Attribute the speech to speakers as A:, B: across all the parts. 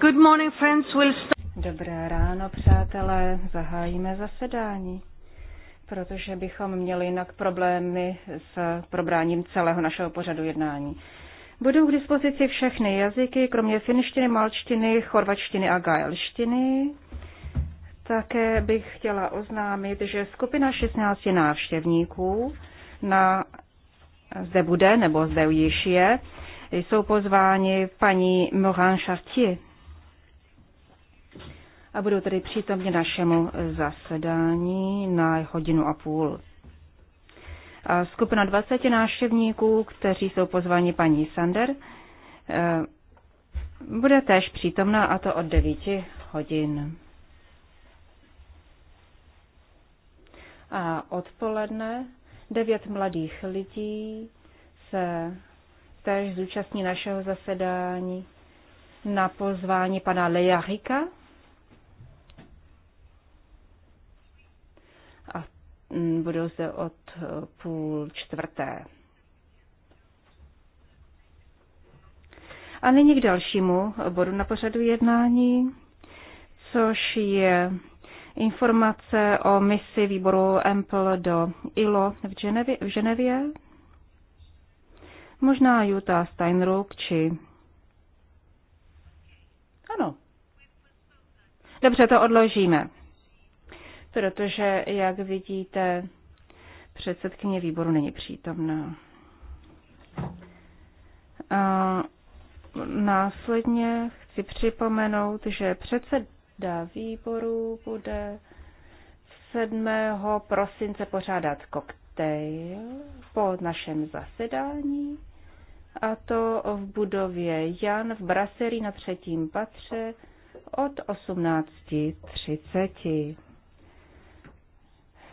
A: Good morning, friends. We'll
B: Dobré ráno, přátelé. Zahájíme zasedání, protože bychom měli jinak problémy s probráním celého našeho pořadu jednání. Budou k dispozici všechny jazyky, kromě finštiny, malčtiny, chorvačtiny a gaelštiny. Také bych chtěla oznámit, že skupina 16 návštěvníků na, zde bude, nebo zde již je, jsou pozváni paní Morin Chartier a budou tedy přítomni našemu zasedání na hodinu a půl. A skupina 20 návštěvníků, kteří jsou pozváni paní Sander, eh, bude též přítomná a to od 9 hodin. A odpoledne devět mladých lidí se též zúčastní našeho zasedání na pozvání pana Lejarika. A mm, budou zde od eh, půl čtvrté. A nyní k dalšímu bodu na pořadu jednání, což je informace o misi výboru EMPL do ILO v, Ženevě, v Ženevě. Možná Jutta Steinruck či... Ano. Dobře, to odložíme. Protože, jak vidíte, předsedkyně výboru není přítomná. A následně chci připomenout, že předsed, Rada výboru bude 7. prosince pořádat koktejl po našem zasedání a to v budově Jan v Braseri na třetím patře od 18.30.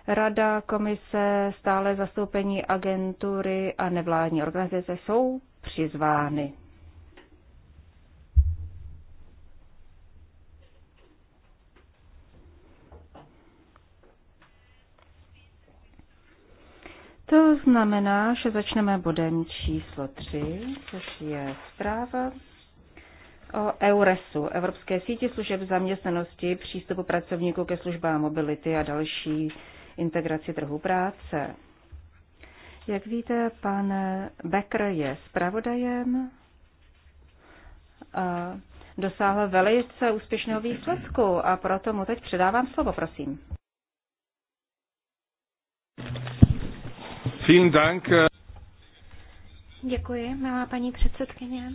B: Rada, komise, stále zastoupení agentury a nevládní organizace jsou přizvány. To znamená, že začneme bodem číslo 3, což je zpráva o EURESu, Evropské síti služeb zaměstnanosti, přístupu pracovníků ke službám mobility a další integraci trhu práce. Jak víte, pan Becker je zpravodajem a dosáhl velice úspěšného výsledku a proto mu teď předávám slovo, prosím.
C: Vielen Dank.
D: Děkuji, milá paní předsedkyně.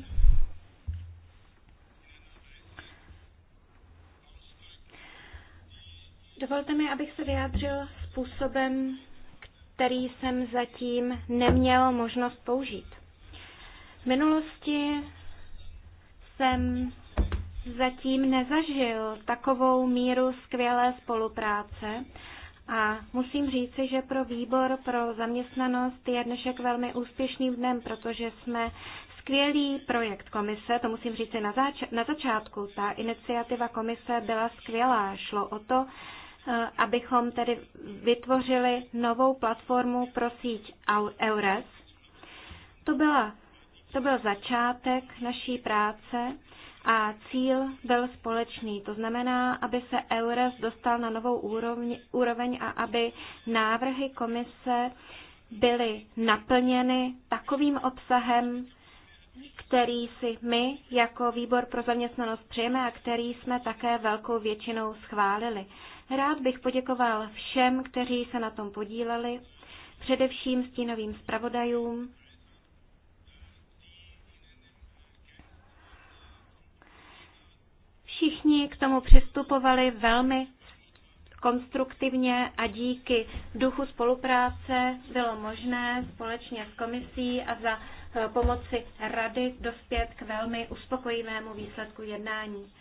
D: Dovolte mi, abych se vyjádřil způsobem, který jsem zatím neměl možnost použít. V minulosti jsem zatím nezažil takovou míru skvělé spolupráce a musím říci, že pro výbor pro zaměstnanost je dnešek velmi úspěšným dnem, protože jsme skvělý projekt komise, to musím říci na, zač- na začátku. Ta iniciativa komise byla skvělá. Šlo o to, eh, abychom tedy vytvořili novou platformu pro síť EURES. To, byla, to byl začátek naší práce a cíl byl společný. To znamená, aby se EURES dostal na novou úroveň, úroveň a aby návrhy komise byly naplněny takovým obsahem, který si my jako výbor pro zaměstnanost přejeme a který jsme také velkou většinou schválili. Rád bych poděkoval všem, kteří se na tom podíleli, především stínovým zpravodajům, Všichni k tomu přistupovali velmi konstruktivně a díky duchu spolupráce bylo možné společně s komisí a za e, pomoci rady dospět k velmi uspokojivému výsledku jednání.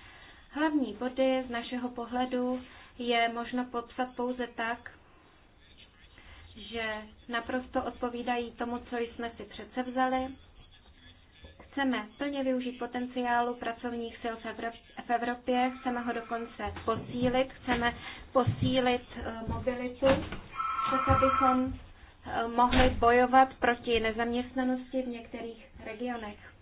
D: Hlavní body z našeho pohledu je možno popsat pouze tak, že naprosto odpovídají tomu, co jsme si přece vzali, Chceme plně využít potenciálu pracovních sil v Evropě, chceme ho dokonce posílit, chceme posílit eh, mobilitu, tak abychom eh, mohli bojovat proti nezaměstnanosti v některých regionech.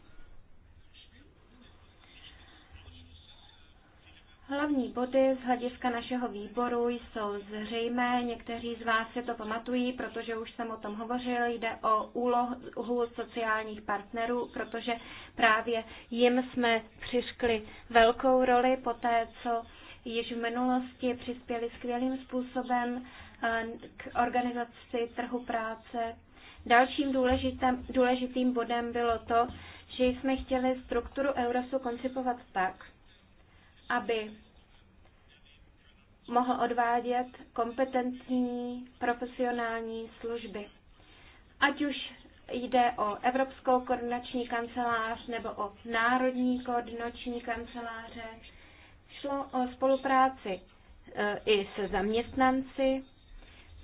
D: Hlavní body z hlediska našeho výboru jsou zřejmé, někteří z vás si to pamatují, protože už jsem o tom hovořil, jde o úlohu sociálních partnerů, protože právě jim jsme přiškli velkou roli po té, co již v minulosti přispěli skvělým způsobem eh, k organizaci trhu práce. Dalším důležitým bodem bylo to, že jsme chtěli strukturu Eurosu koncipovat tak, aby mohl odvádět kompetentní profesionální služby. Ať už jde o Evropskou koordinační kancelář nebo o Národní koordinační kanceláře, šlo o spolupráci eh, i se zaměstnanci.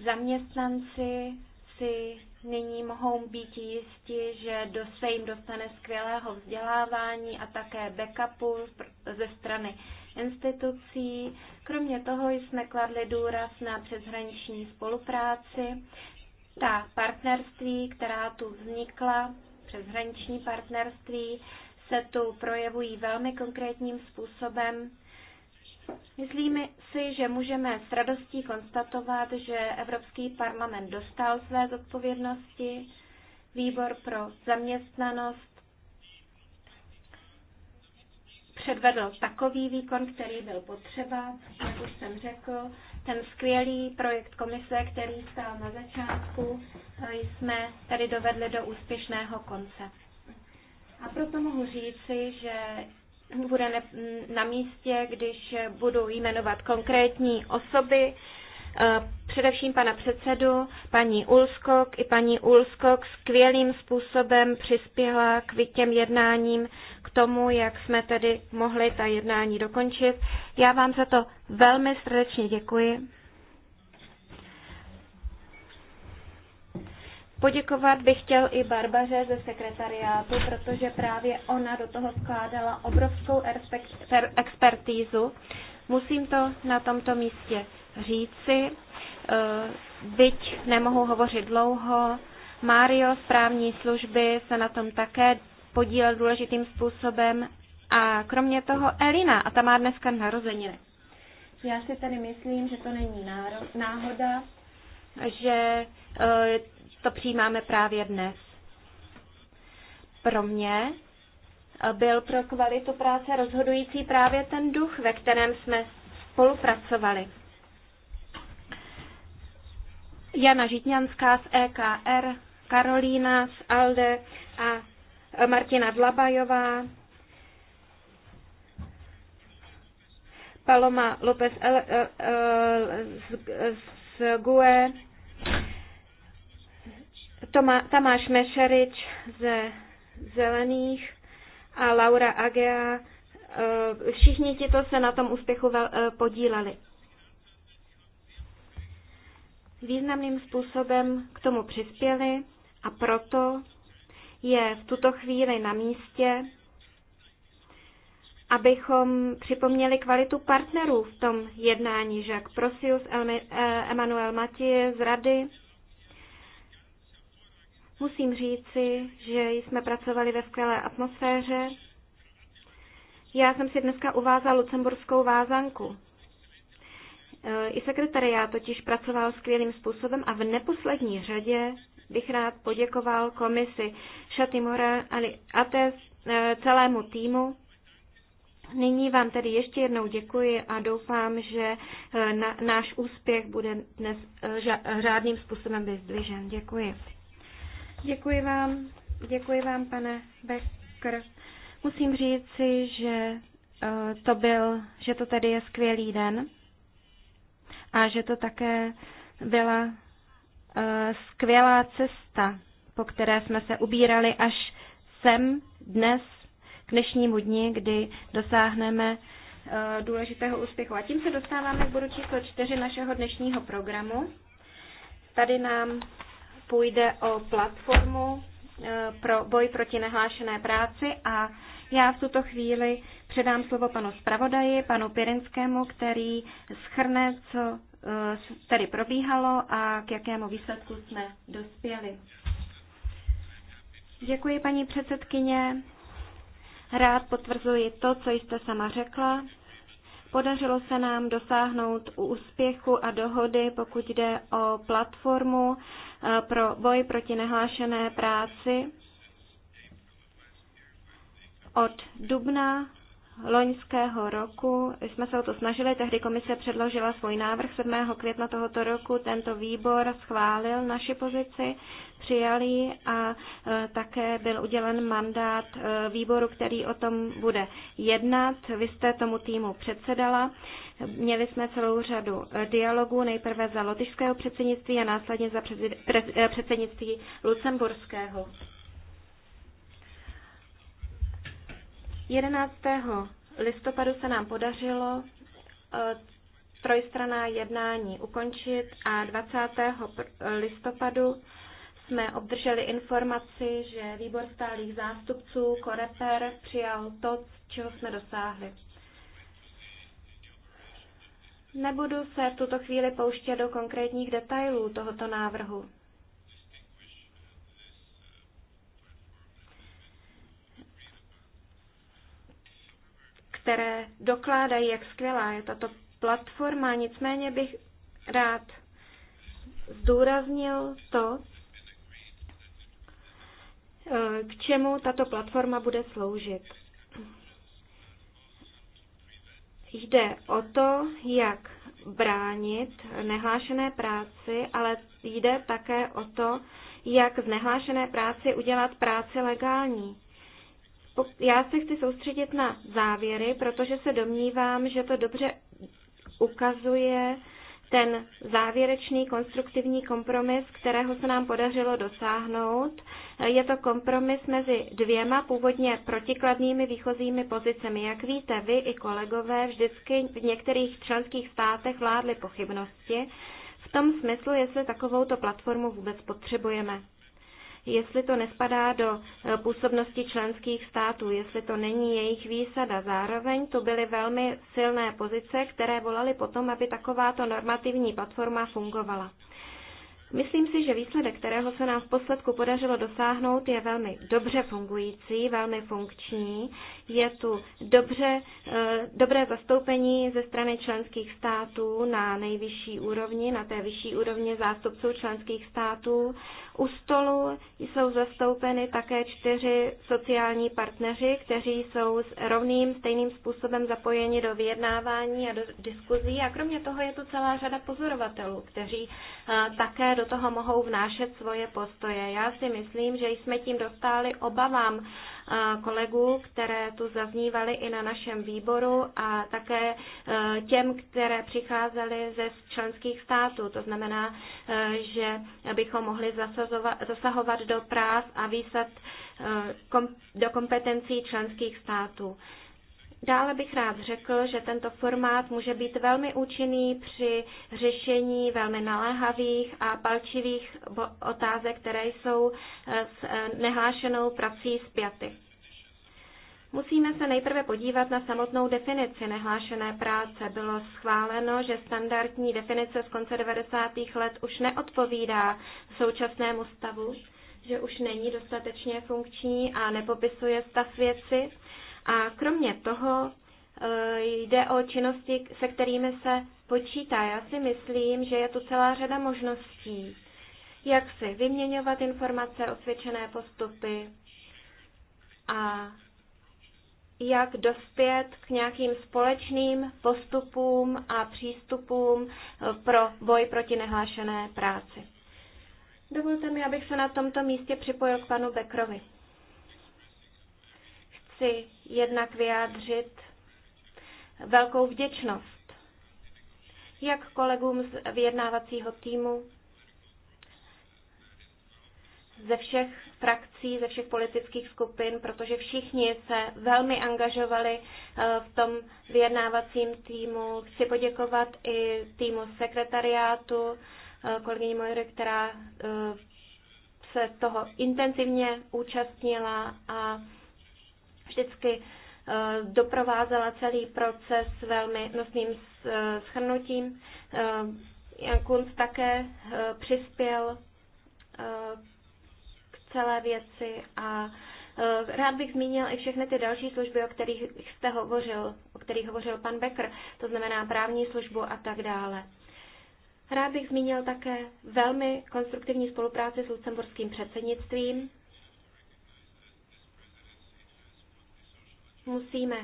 D: Zaměstnanci si nyní mohou být jisti, že do se jim dostane skvělého vzdělávání a také backupu ze strany institucí. Kromě toho jsme kladli důraz na přeshraniční spolupráci. Ta partnerství, která tu vznikla, přeshraniční partnerství, se tu projevují velmi konkrétním způsobem. Myslím si, že můžeme s radostí konstatovat, že Evropský parlament dostal své zodpovědnosti. Výbor pro zaměstnanost předvedl takový výkon, který byl potřeba, jak už jsem řekl, ten skvělý projekt komise, který stál na začátku, eh, jsme tady dovedli do úspěšného konce. A proto mohu říci, že bude na místě, když budu jmenovat konkrétní osoby, eh, především pana předsedu, paní Ulskok. I paní Ulskok skvělým způsobem přispěla k těm jednáním tomu, jak jsme tedy mohli ta jednání dokončit. Já vám za to velmi srdečně děkuji. Poděkovat bych chtěl i Barbaře ze sekretariátu, protože právě ona do toho skládala obrovskou expertízu. Musím to na tomto místě říci, eh, byť nemohu hovořit dlouho. Mário z právní služby se na tom také podílel důležitým způsobem a kromě toho Elina a ta má dneska narozeniny. Já si tady myslím, že to není náhoda, že eh, to přijímáme právě dnes. Pro mě eh, byl pro kvalitu práce rozhodující právě ten duch, ve kterém jsme spolupracovali. Jana Žitňanská z EKR, Karolína z ALDE a Martina Dlabajová, Paloma López eh, eh, eh, z GUE, Toma, Tamáš Mešerič ze Zelených a Laura Agea. Všichni tito se na tom úspěchu podíleli. Významným způsobem k tomu přispěli a proto je v tuto chvíli na místě, abychom připomněli kvalitu partnerů v tom jednání, Jacques jak Prosius, e- Emanuel Matie z Rady. Musím říci, že jsme pracovali ve skvělé atmosféře. Já jsem si dneska uvázal lucemburskou vázanku. E, I sekretariát totiž pracoval skvělým způsobem a v neposlední řadě bych rád poděkoval komisi Šatimora a e, celému týmu. Nyní vám tedy ještě jednou děkuji a doufám, že e, na, náš úspěch bude dnes e, řádným způsobem vyzdvižen. Děkuji. Děkuji vám, děkuji vám, pane Becker. Musím říci, že to byl, že to tady je skvělý den a že to také byla Eh, skvělá cesta, po které jsme se ubírali až sem dnes, k dnešnímu dni, kdy dosáhneme eh, důležitého úspěchu. A tím se dostáváme k bodu číslo čtyři našeho dnešního programu. Tady nám půjde o platformu eh, pro boj proti nehlášené práci a já v tuto chvíli předám slovo panu zpravodaji, panu Pirinskému, který schrne, co Eh, tady probíhalo a k jakému výsledku jsme dospěli. Děkuji, paní předsedkyně. Rád potvrzuji to, co jste sama řekla. Podařilo se nám dosáhnout u úspěchu a dohody, pokud jde o platformu eh, pro boj proti nehlášené práci. Od dubna loňského roku jsme se o to snažili, tehdy komise předložila svůj návrh 7. května tohoto roku, tento výbor schválil naši pozici, přijal ji a e, také byl udělen mandát e, výboru, který o tom bude jednat. Vy jste tomu týmu předsedala. Měli jsme celou řadu e, dialogů, nejprve za lotyšského předsednictví a následně za předsednictví lucemburského. 11. listopadu se nám podařilo eh, trojstraná jednání ukončit a 20. listopadu jsme obdrželi informaci, že výbor stálých zástupců Koreper přijal to, čeho jsme dosáhli. Nebudu se v tuto chvíli pouštět do konkrétních detailů tohoto návrhu. které dokládají, jak skvělá je tato platforma. Nicméně bych rád zdůraznil to, eh, k čemu tato platforma bude sloužit. Jde o to, jak bránit nehlášené práci, ale jde také o to, jak z nehlášené práci udělat práci legální já se chci soustředit na závěry, protože se domnívám, že to dobře ukazuje ten závěrečný konstruktivní kompromis, kterého se nám podařilo dosáhnout. Je to kompromis mezi dvěma původně protikladnými výchozími pozicemi. Jak víte, vy i kolegové vždycky v některých členských státech vládly pochybnosti v tom smyslu, jestli takovouto platformu vůbec potřebujeme jestli to nespadá do eh, působnosti členských států, jestli to není jejich výsada. Zároveň to byly velmi silné pozice, které volaly potom, aby takováto normativní platforma fungovala. Myslím si, že výsledek, kterého se nám v posledku podařilo dosáhnout, je velmi dobře fungující, velmi funkční. Je tu dobře, eh, dobré zastoupení ze strany členských států na nejvyšší úrovni, na té vyšší úrovni zástupců členských států. U stolu jsou zastoupeny také čtyři sociální partneři, kteří jsou s rovným, stejným způsobem zapojeni do vyjednávání a do diskuzí. A kromě toho je tu celá řada pozorovatelů, kteří eh, také do toho mohou vnášet svoje postoje. Já si myslím, že jsme tím dostali obavám eh, kolegů, které tu zaznívaly i na našem výboru a také eh, těm, které přicházely ze členských států. To znamená, eh, že bychom mohli zasahovat do práv a výsad do kompetencí členských států. Dále bych rád řekl, že tento formát může být velmi účinný při řešení velmi naléhavých a palčivých otázek, které jsou eh, s eh, nehlášenou prací zpěty. Musíme se nejprve podívat na samotnou definici nehlášené práce. Bylo schváleno, že standardní definice z konce 90. let už neodpovídá současnému stavu, že už není dostatečně funkční a nepopisuje stav věci a kromě toho eh, jde o činnosti, se kterými se počítá. Já si myslím, že je tu celá řada možností, jak si vyměňovat informace, osvědčené postupy a jak dospět k nějakým společným postupům a přístupům eh, pro boj proti nehlášené práci. Dovolte mi, abych se na tomto místě připojil k panu Bekrovi chci jednak vyjádřit velkou vděčnost jak kolegům z vyjednávacího týmu, ze všech frakcí, ze všech politických skupin, protože všichni se velmi angažovali eh, v tom vyjednávacím týmu. Chci poděkovat i týmu sekretariátu, eh, kolegyni Mojry, která eh, se toho intenzivně účastnila a vždycky eh, doprovázela celý proces velmi nosným schrnutím. Eh, eh, Jan Kunc také přispěl k celé věci a Rád bych zmínil i všechny ty další služby, o kterých jste hovořil, o kterých hovořil pan Becker, to znamená právní službu a tak dále. Rád bych zmínil také velmi konstruktivní spolupráci s lucemburským předsednictvím. Musíme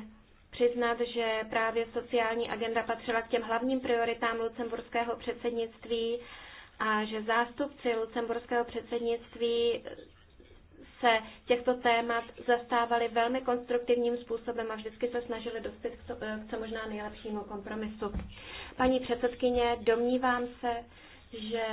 D: přiznat, že právě sociální agenda patřila k těm hlavním prioritám lucemburského předsednictví a že zástupci lucemburského předsednictví se těchto témat zastávali velmi konstruktivním způsobem a vždycky se snažili dospět k co eh, možná nejlepšímu kompromisu. Paní předsedkyně, domnívám se, že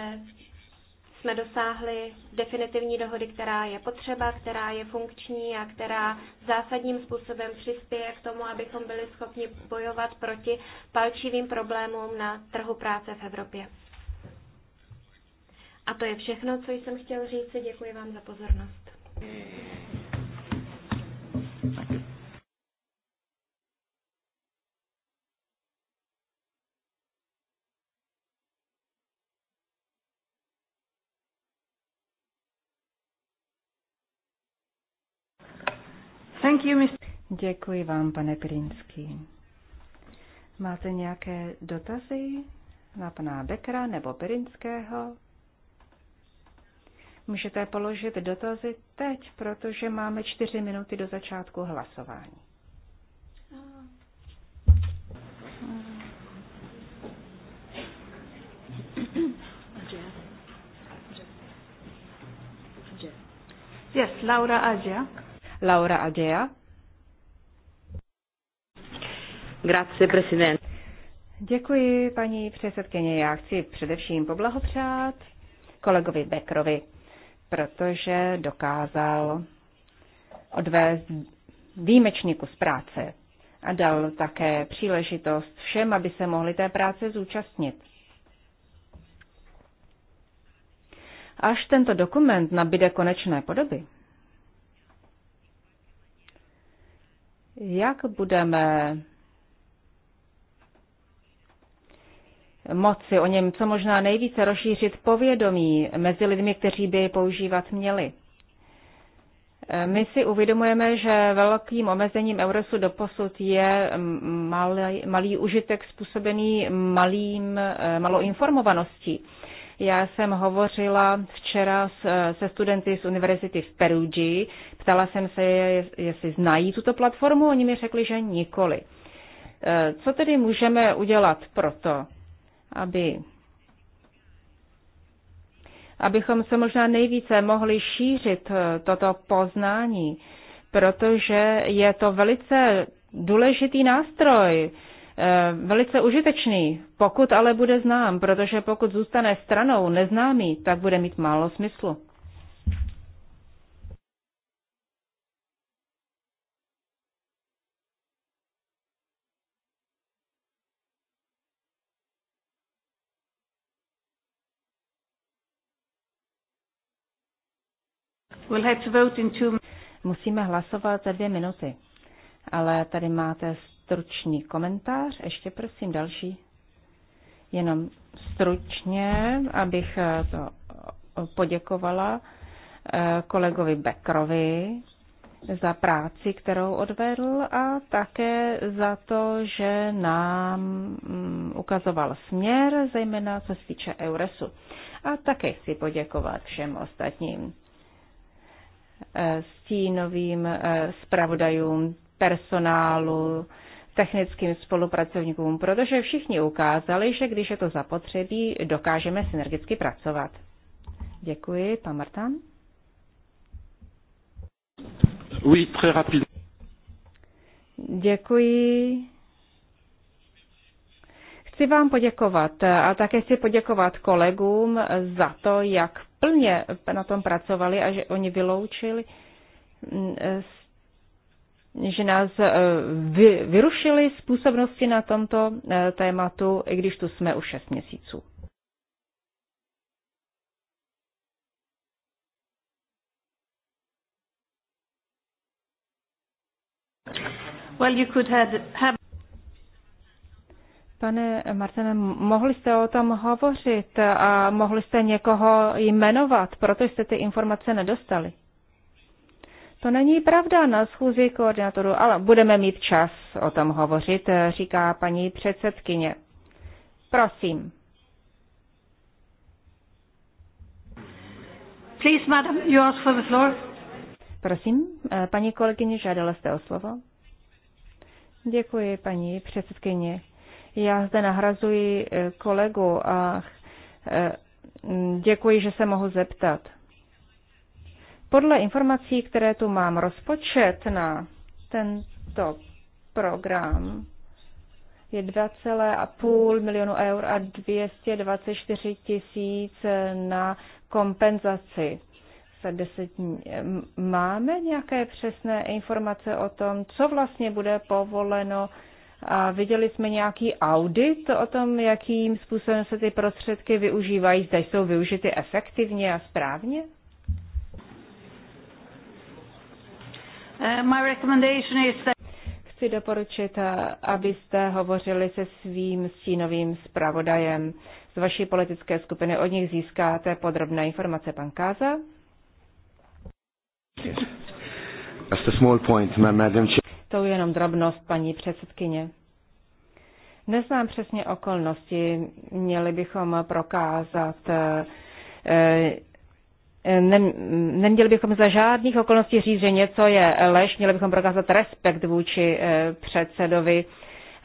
D: jsme dosáhli definitivní dohody, která je potřeba, která je funkční a která zásadním způsobem přispěje k tomu, abychom byli schopni bojovat proti palčivým problémům na trhu práce v Evropě. A to je všechno, co jsem chtěl říct. Děkuji vám za pozornost.
A: Thank you,
B: Mr. Děkuji vám, pane Pirinský. Máte nějaké dotazy na pana Bekra nebo Pirinského? Můžete položit dotazy teď, protože máme čtyři minuty do začátku hlasování.
C: Yes, Laura Agia.
B: Laura Agea. Grazie, presidente. Děkuji, paní předsedkyně. Já chci především poblahopřát kolegovi Beckrovi, protože dokázal odvést výjimečný kus práce a dal také příležitost všem, aby se mohli té práce zúčastnit. Až tento dokument nabide konečné podoby, Jak budeme moci o něm co možná nejvíce rozšířit povědomí mezi lidmi, kteří by používat měli? My si uvědomujeme, že velkým omezením Eurosu doposud je malý, malý užitek způsobený malým, eh, malou informovaností. Já jsem hovořila včera se studenty z univerzity v Perugii. Ptala jsem se, jestli znají tuto platformu. Oni mi řekli, že nikoli. E, co tedy můžeme udělat pro to, aby abychom se možná nejvíce mohli šířit e, toto poznání, protože je to velice důležitý nástroj, Eh, velice užitečný, pokud ale bude znám, protože pokud zůstane stranou neznámý, tak bude mít málo smyslu.
C: We'll have to vote in
B: two... Musíme hlasovat za dvě minuty, ale tady máte stručný komentář. Ještě prosím další. Jenom stručně, abych eh, to eh, poděkovala eh, kolegovi Bekrovi za práci, kterou odvedl a také za to, že nám mm, ukazoval směr, zejména co se týče Euresu. A také chci poděkovat všem ostatním stínovým zpravodajům, personálu, technickým spolupracovníkům, protože všichni ukázali, že když je to zapotřebí, dokážeme synergicky pracovat. Děkuji, pan Martan.
D: Oui, très rapide.
B: Děkuji. Chci vám poděkovat a také chci poděkovat kolegům za to, jak plně na tom pracovali a že oni vyloučili že nás eh, vy, vyrušili způsobnosti na tomto eh, tématu, i když tu jsme už 6 měsíců. Well, you could have, have... Pane Martene, mohli jste o tom hovořit a mohli jste někoho jmenovat, protože jste ty informace nedostali. To není pravda na schůzi koordinátorů, ale budeme mít čas o tom hovořit, eh, říká paní předsedkyně. Prosím.
C: Please, madam, you ask for the floor.
B: Prosím, eh, paní kolegyně, žádala jste o slovo. Děkuji, paní předsedkyně. Já zde nahrazuji eh, kolegu a děkuji, že se mohu zeptat. Podle informací, které tu mám, rozpočet na tento program je 2,5 milionu eur a 224 tisíc na kompenzaci. Máme nějaké přesné informace o tom, co vlastně bude povoleno a viděli jsme nějaký audit o tom, jakým způsobem se ty prostředky využívají, zda jsou využity efektivně a správně? Uh, my recommendation is that chci doporučit, eh, abyste hovořili se svým stínovým zpravodajem z vaší politické skupiny. Od nich získáte podrobné informace. Pan Káza?
C: Yes. Just a small point, madam.
B: To je jenom drobnost, paní předsedkyně. Neznám přesně okolnosti, měli bychom prokázat eh, Eh, neměli bychom za žádných okolností říct, že něco je lež, měli bychom prokázat respekt vůči eh, předsedovi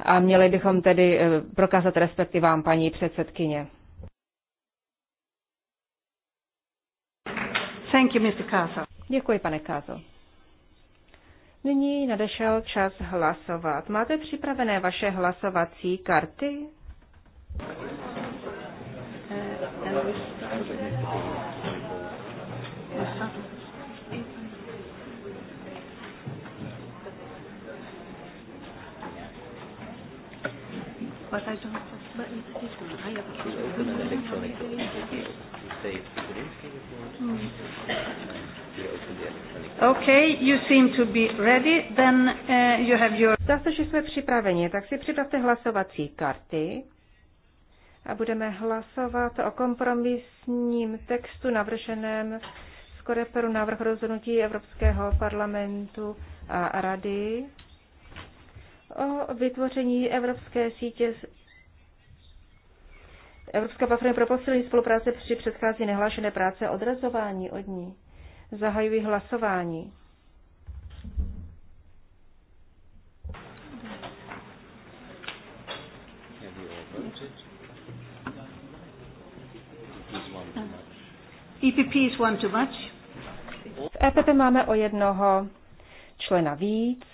B: a měli bychom tedy eh, prokázat respekt i vám, paní předsedkyně. Thank you, Mr. Kaza. Děkuji, pane Kázo. Nyní nadešel čas hlasovat. Máte připravené vaše hlasovací karty? Uh, Okay, you seem to be ready. Then uh, you have your. Zdá se, že jsme připraveni, tak si připravte hlasovací karty a budeme hlasovat o kompromisním textu navrženém z Koreperu návrh rozhodnutí Evropského parlamentu a Rady o vytvoření evropské sítě Evropská platforma pro posílení spolupráce při předchází nehlášené práce odrazování od ní. Zahajují hlasování. EPP is one too much. V EPP máme o jednoho člena víc.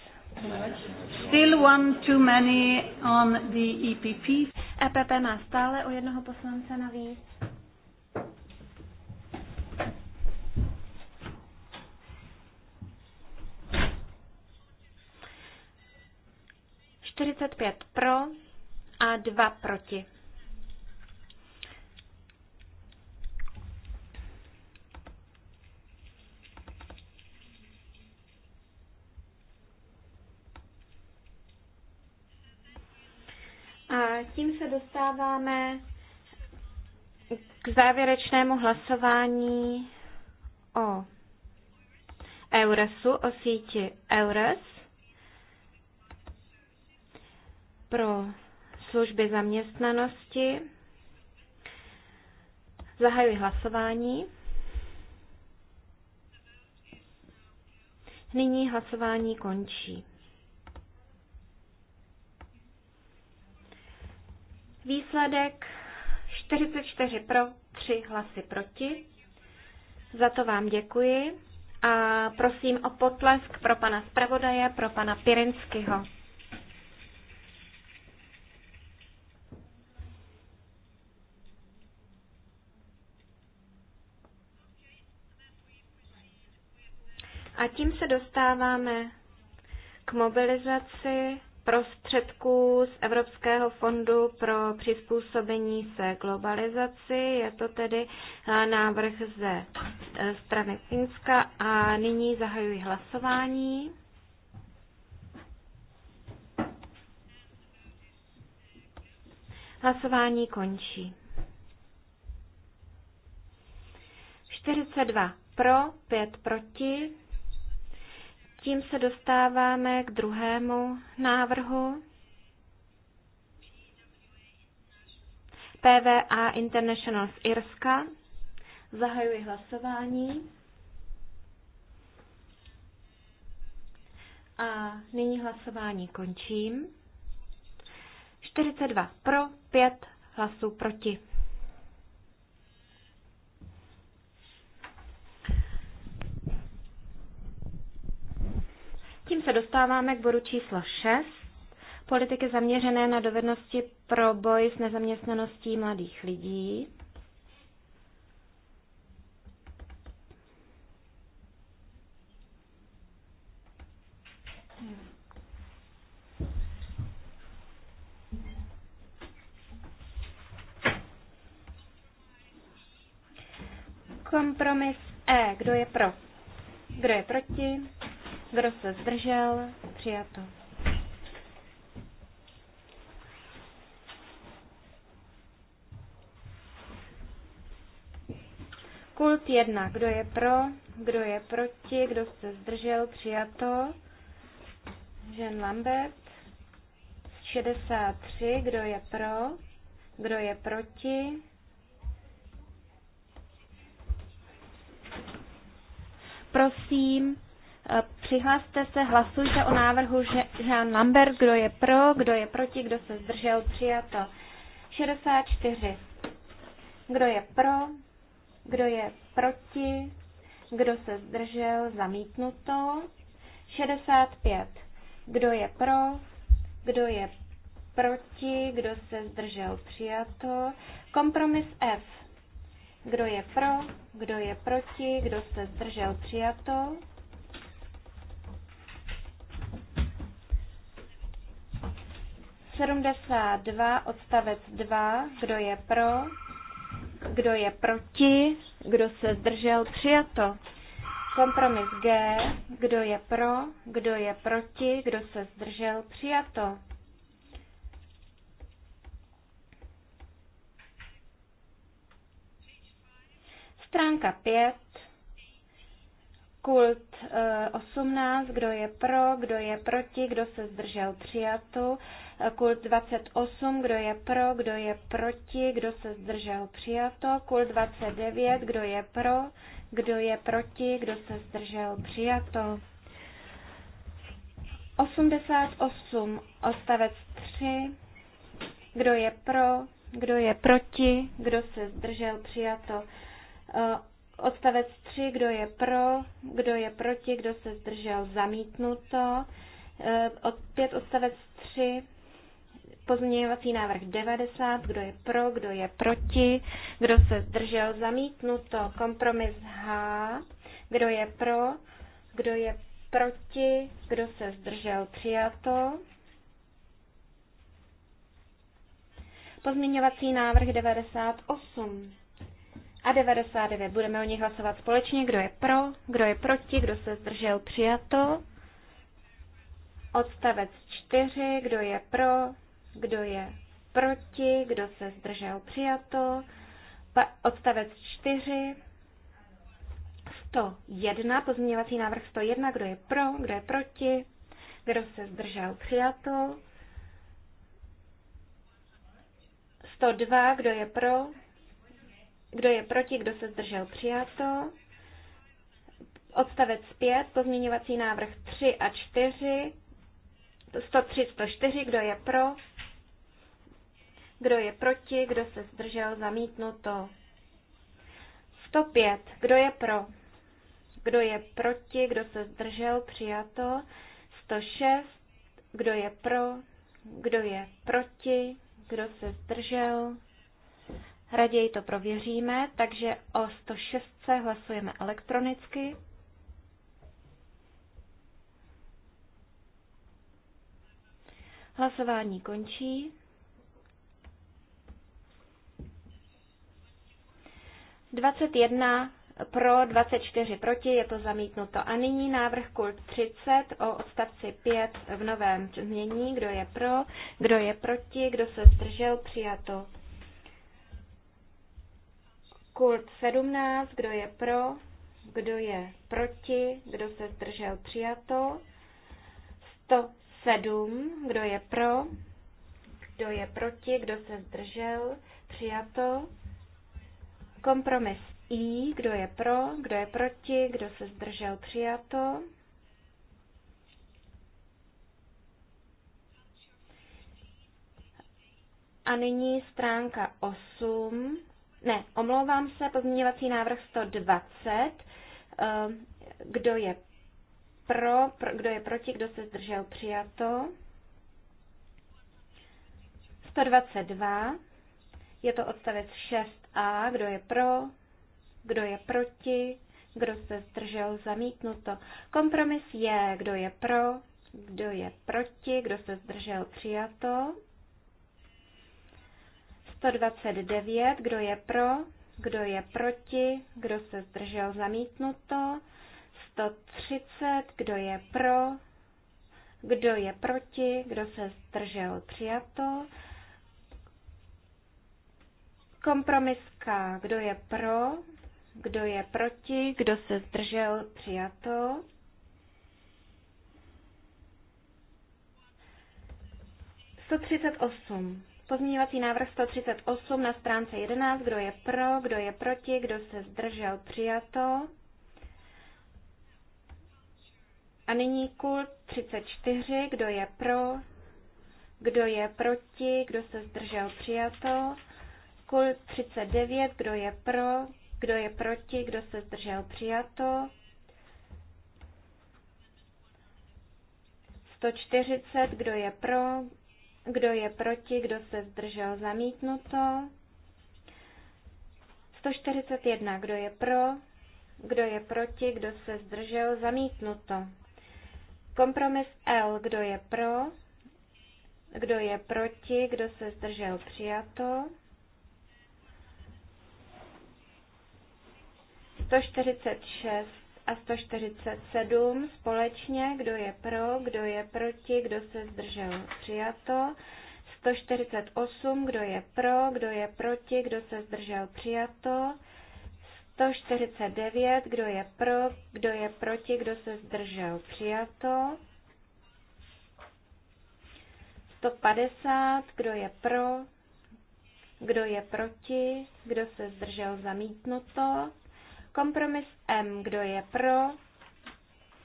D: Still one too many on the EPP. EPP má stále o jednoho poslance navíc. Čtyřicet pět pro a dva proti. tím se dostáváme k závěrečnému hlasování o Euresu, o síti Eures pro služby zaměstnanosti. Zahajuji hlasování. Nyní hlasování končí. Výsledek 44 pro, 3 hlasy proti. Za to vám děkuji a prosím o potlesk pro pana zpravodaje, pro pana Pirinského. A tím se dostáváme k mobilizaci prostředků z Evropského fondu pro přizpůsobení se globalizaci. Je to tedy eh, návrh ze eh, strany Finska a nyní zahajuji hlasování. Hlasování končí. 42 pro, 5 proti, tím se dostáváme k druhému návrhu. PVA International z Irska. Zahajuji hlasování. A nyní hlasování končím. 42 pro, 5 hlasů proti. Tím se dostáváme k bodu číslo 6. Politiky zaměřené na dovednosti pro boj s nezaměstnaností mladých lidí. Kompromis E. Kdo je pro? Kdo je proti? Kdo se zdržel? Přijato. Kult jedna. Kdo je pro? Kdo je proti? Kdo se zdržel? Přijato. Jean Lambert. 63. Kdo je pro? Kdo je proti? Prosím, Eh, přihlaste se, hlasujte o návrhu Jean Lambert, kdo je pro, kdo je proti, kdo se zdržel, přijato. 64. Kdo je pro, kdo je proti, kdo se zdržel, zamítnuto. 65. Kdo je pro, kdo je proti, kdo se zdržel, přijato. Kompromis F. Kdo je pro, kdo je proti, kdo se zdržel, přijato. 72 odstavec 2. Kdo je pro? Kdo je proti? Kdo se zdržel? Přijato. Kompromis G. Kdo je pro? Kdo je proti? Kdo se zdržel? Přijato. Stránka 5. Kult 18, eh, kdo je pro, kdo je proti, kdo se zdržel přijatu. Eh, Kult 28, kdo je pro, kdo je proti, kdo se zdržel přijato. Kult 29, kdo je pro, kdo je proti, kdo se zdržel přijato. 88 odstavec 3, kdo je pro, kdo je proti, kdo se zdržel přijato. Eh, Odstavec 3, kdo je pro, kdo je proti, kdo se zdržel, zamítnuto. E, od 5 odstavec 3, pozměňovací návrh 90, kdo je pro, kdo je proti, kdo se zdržel, zamítnuto. Kompromis H, kdo je pro, kdo je proti, kdo se zdržel, přijato. Pozměňovací návrh 98 a 99. Budeme o nich hlasovat společně. Kdo je pro, kdo je proti, kdo se zdržel přijato. Odstavec 4. Kdo je pro, kdo je proti, kdo se zdržel přijato. Pa, odstavec 4. 101. Pozměňovací návrh 101. Kdo je pro, kdo je proti, kdo se zdržel přijato. 102. Kdo je pro, kdo je proti, kdo se zdržel přijato? Odstavec 5, pozměňovací návrh 3 a 4, 103, 104, kdo je pro, kdo je proti, kdo se zdržel, zamítnuto. 105, kdo je pro, kdo je proti, kdo se zdržel, přijato. 106, kdo je pro, kdo je proti, kdo se zdržel, Raději to prověříme, takže o 106 hlasujeme elektronicky. Hlasování končí. 21 pro, 24 proti, je to zamítnuto. A nyní návrh kult 30 o odstavci 5 v novém změní. Kdo je pro, kdo je proti, kdo se zdržel, přijato. Kult 17, kdo je pro, kdo je proti, kdo se zdržel přijato. 107, kdo je pro, kdo je proti, kdo se zdržel přijato. Kompromis I, kdo je pro, kdo je proti, kdo se zdržel přijato. A nyní stránka 8, ne, omlouvám se, pozměňovací návrh 120. Eh, kdo je pro, kdo je proti, kdo se zdržel, přijato. 122. Je to odstavec 6a. Kdo je pro, kdo je proti, kdo se zdržel, zamítnuto. Kompromis je, kdo je pro, kdo je proti, kdo se zdržel, přijato. 129, kdo je pro, kdo je proti, kdo se zdržel zamítnuto, 130, kdo je pro, kdo je proti, kdo se zdržel přijato, kompromiska, kdo je pro, kdo je proti, kdo se zdržel přijato, 138. Pozměňovací návrh 138 na stránce 11. Kdo je pro, kdo je proti, kdo se zdržel, přijato. A nyní kult 34. Kdo je pro, kdo je proti, kdo se zdržel, přijato. Kult 39. Kdo je pro, kdo je proti, kdo se zdržel, přijato. 140. Kdo je pro, kdo je proti? Kdo se zdržel? Zamítnuto. 141. Kdo je pro? Kdo je proti? Kdo se zdržel? Zamítnuto. Kompromis L. Kdo je pro? Kdo je proti? Kdo se zdržel? Přijato. 146 a 147 společně, kdo je pro, kdo je proti, kdo se zdržel, přijato. 148, kdo je pro, kdo je proti, kdo se zdržel, přijato. 149, kdo je pro, kdo je proti, kdo se zdržel, přijato. 150, kdo je pro, kdo je proti, kdo se zdržel, zamítnuto. Kompromis M. Kdo je pro?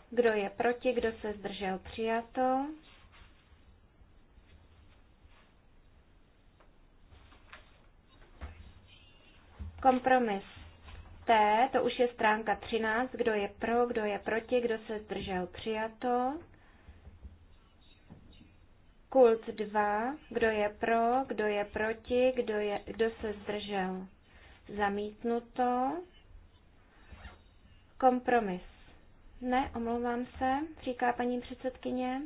D: Kdo je proti? Kdo se zdržel? Přijato. Kompromis T, to už je stránka 13, kdo je pro, kdo je proti, kdo se zdržel, přijato. Kult 2, kdo je pro, kdo je proti, kdo, je, kdo se zdržel, zamítnuto. Kompromis. Ne, omlouvám se, říká paní předsedkyně.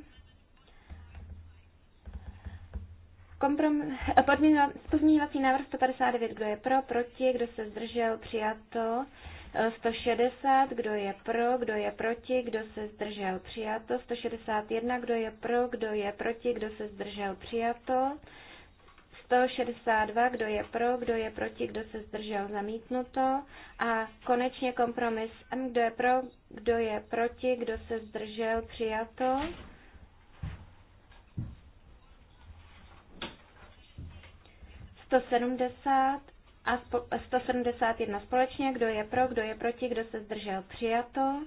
D: Komprom, eh, pozměňovací návrh 159, kdo je pro, proti, kdo se zdržel, přijato. 160, eh, kdo je pro, kdo je proti, kdo se zdržel, přijato. 161, kdo je pro, kdo je proti, kdo se zdržel, přijato. 162, kdo je pro, kdo je proti, kdo se zdržel, zamítnuto. A konečně kompromis M, kdo je pro, kdo je proti, kdo se zdržel, přijato. a 171 společně, kdo je pro, kdo je proti, kdo se zdržel, přijato.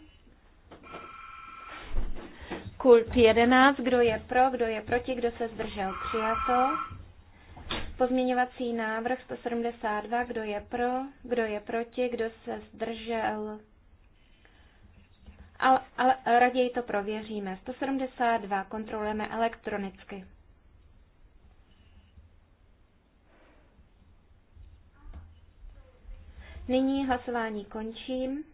D: Kult 11, kdo je pro, kdo je proti, kdo se zdržel, přijato. Pozměňovací návrh 172, kdo je pro, kdo je proti, kdo se zdržel. Ale, ale raději to prověříme. 172 kontrolujeme elektronicky. Nyní hlasování končím.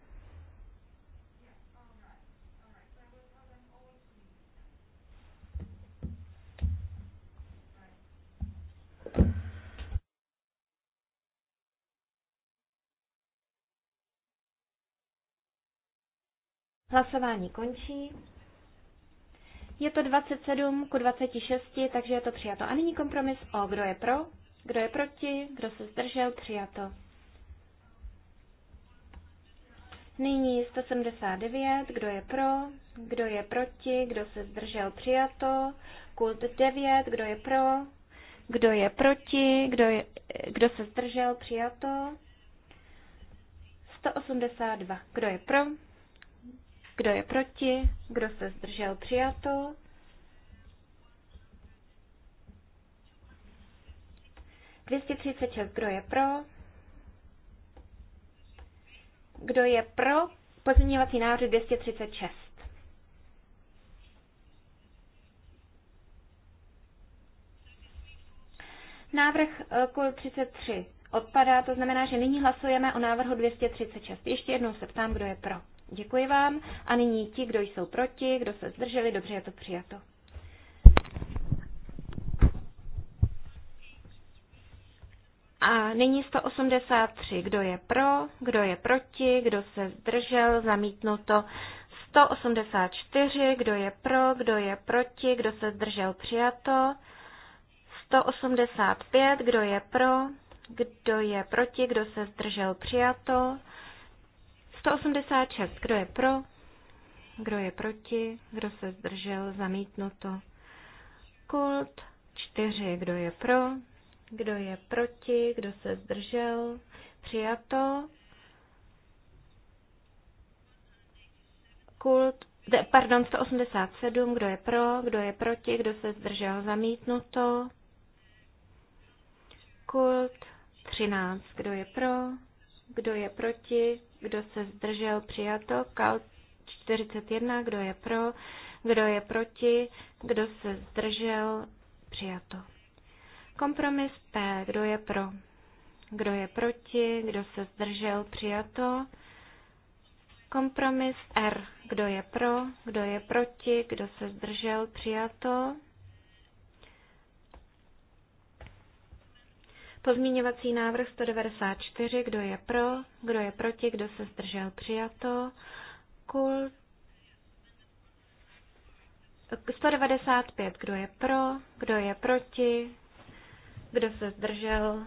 D: Hlasování končí. Je to 27 ku 26, takže je to přijato. A nyní kompromis o kdo je pro, kdo je proti, kdo se zdržel, přijato. Nyní 179, kdo je pro, kdo je proti, kdo se zdržel, přijato. Kult 9, kdo je pro, kdo je proti, kdo, je, kdo se zdržel, přijato. 182, kdo je pro, kdo je proti? Kdo se zdržel? Přijato. Dvěstě třicet šest. Kdo je pro? Kdo je pro pozměňovací návrh 236? Návrh eh, kol 33 odpadá, to znamená, že nyní hlasujeme o návrhu 236. Ještě jednou se ptám, kdo je pro. Děkuji vám. A nyní ti, kdo jsou proti, kdo se zdrželi, dobře je to přijato. A nyní 183. Kdo je pro, kdo je proti, kdo se zdržel, zamítnuto. 184. Kdo je pro, kdo je proti, kdo se zdržel, přijato. 185. Kdo je pro, kdo je proti, kdo se zdržel, přijato. 186. Kdo je pro? Kdo je proti? Kdo se zdržel? Zamítnuto. Kult 4. Kdo je pro? Kdo je proti? Kdo se zdržel? Přijato. Kult, pardon, 187. Kdo je pro? Kdo je proti? Kdo se zdržel? Zamítnuto. Kult 13. Kdo je pro? Kdo je proti? kdo se zdržel, přijato. kal 41, kdo je pro, kdo je proti, kdo se zdržel, přijato. Kompromis P, kdo je pro, kdo je proti, kdo se zdržel, přijato. Kompromis R, kdo je pro, kdo je proti, kdo se zdržel, přijato. Pozměňovací návrh 194, kdo je pro, kdo je proti, kdo se zdržel přijato. Kul... 195, kdo je pro, kdo je proti, kdo se zdržel,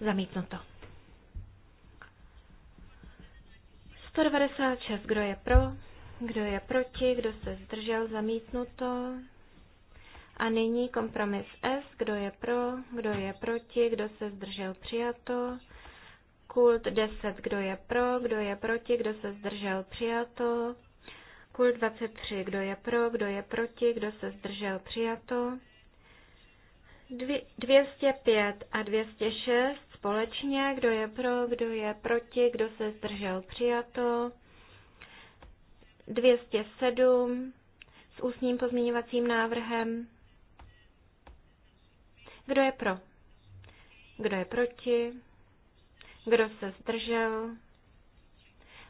D: zamítnuto. 196, kdo je pro, kdo je proti, kdo se zdržel, zamítnuto. A nyní kompromis S, kdo je pro, kdo je proti, kdo se zdržel přijato. Kult 10, kdo je pro, kdo je proti, kdo se zdržel přijato. Kult 23, kdo je pro, kdo je proti, kdo se zdržel přijato. 205 a 206 společně, kdo je pro, kdo je proti, kdo se zdržel přijato. 207 s ústním pozměňovacím návrhem, kdo je pro? Kdo je proti? Kdo se zdržel?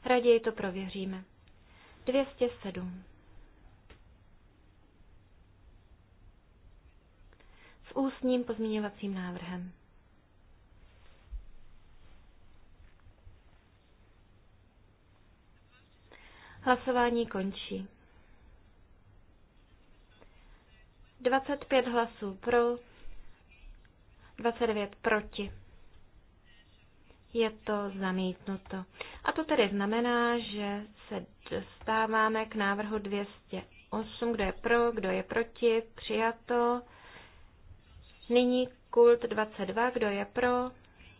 D: Raději to prověříme. 207. S ústním pozměňovacím návrhem. Hlasování končí. 25 hlasů pro, 29 proti. Je to zamítnuto. A to tedy znamená, že se dostáváme k návrhu 208. Kdo je pro, kdo je proti, přijato. Nyní kult 22. Kdo je pro,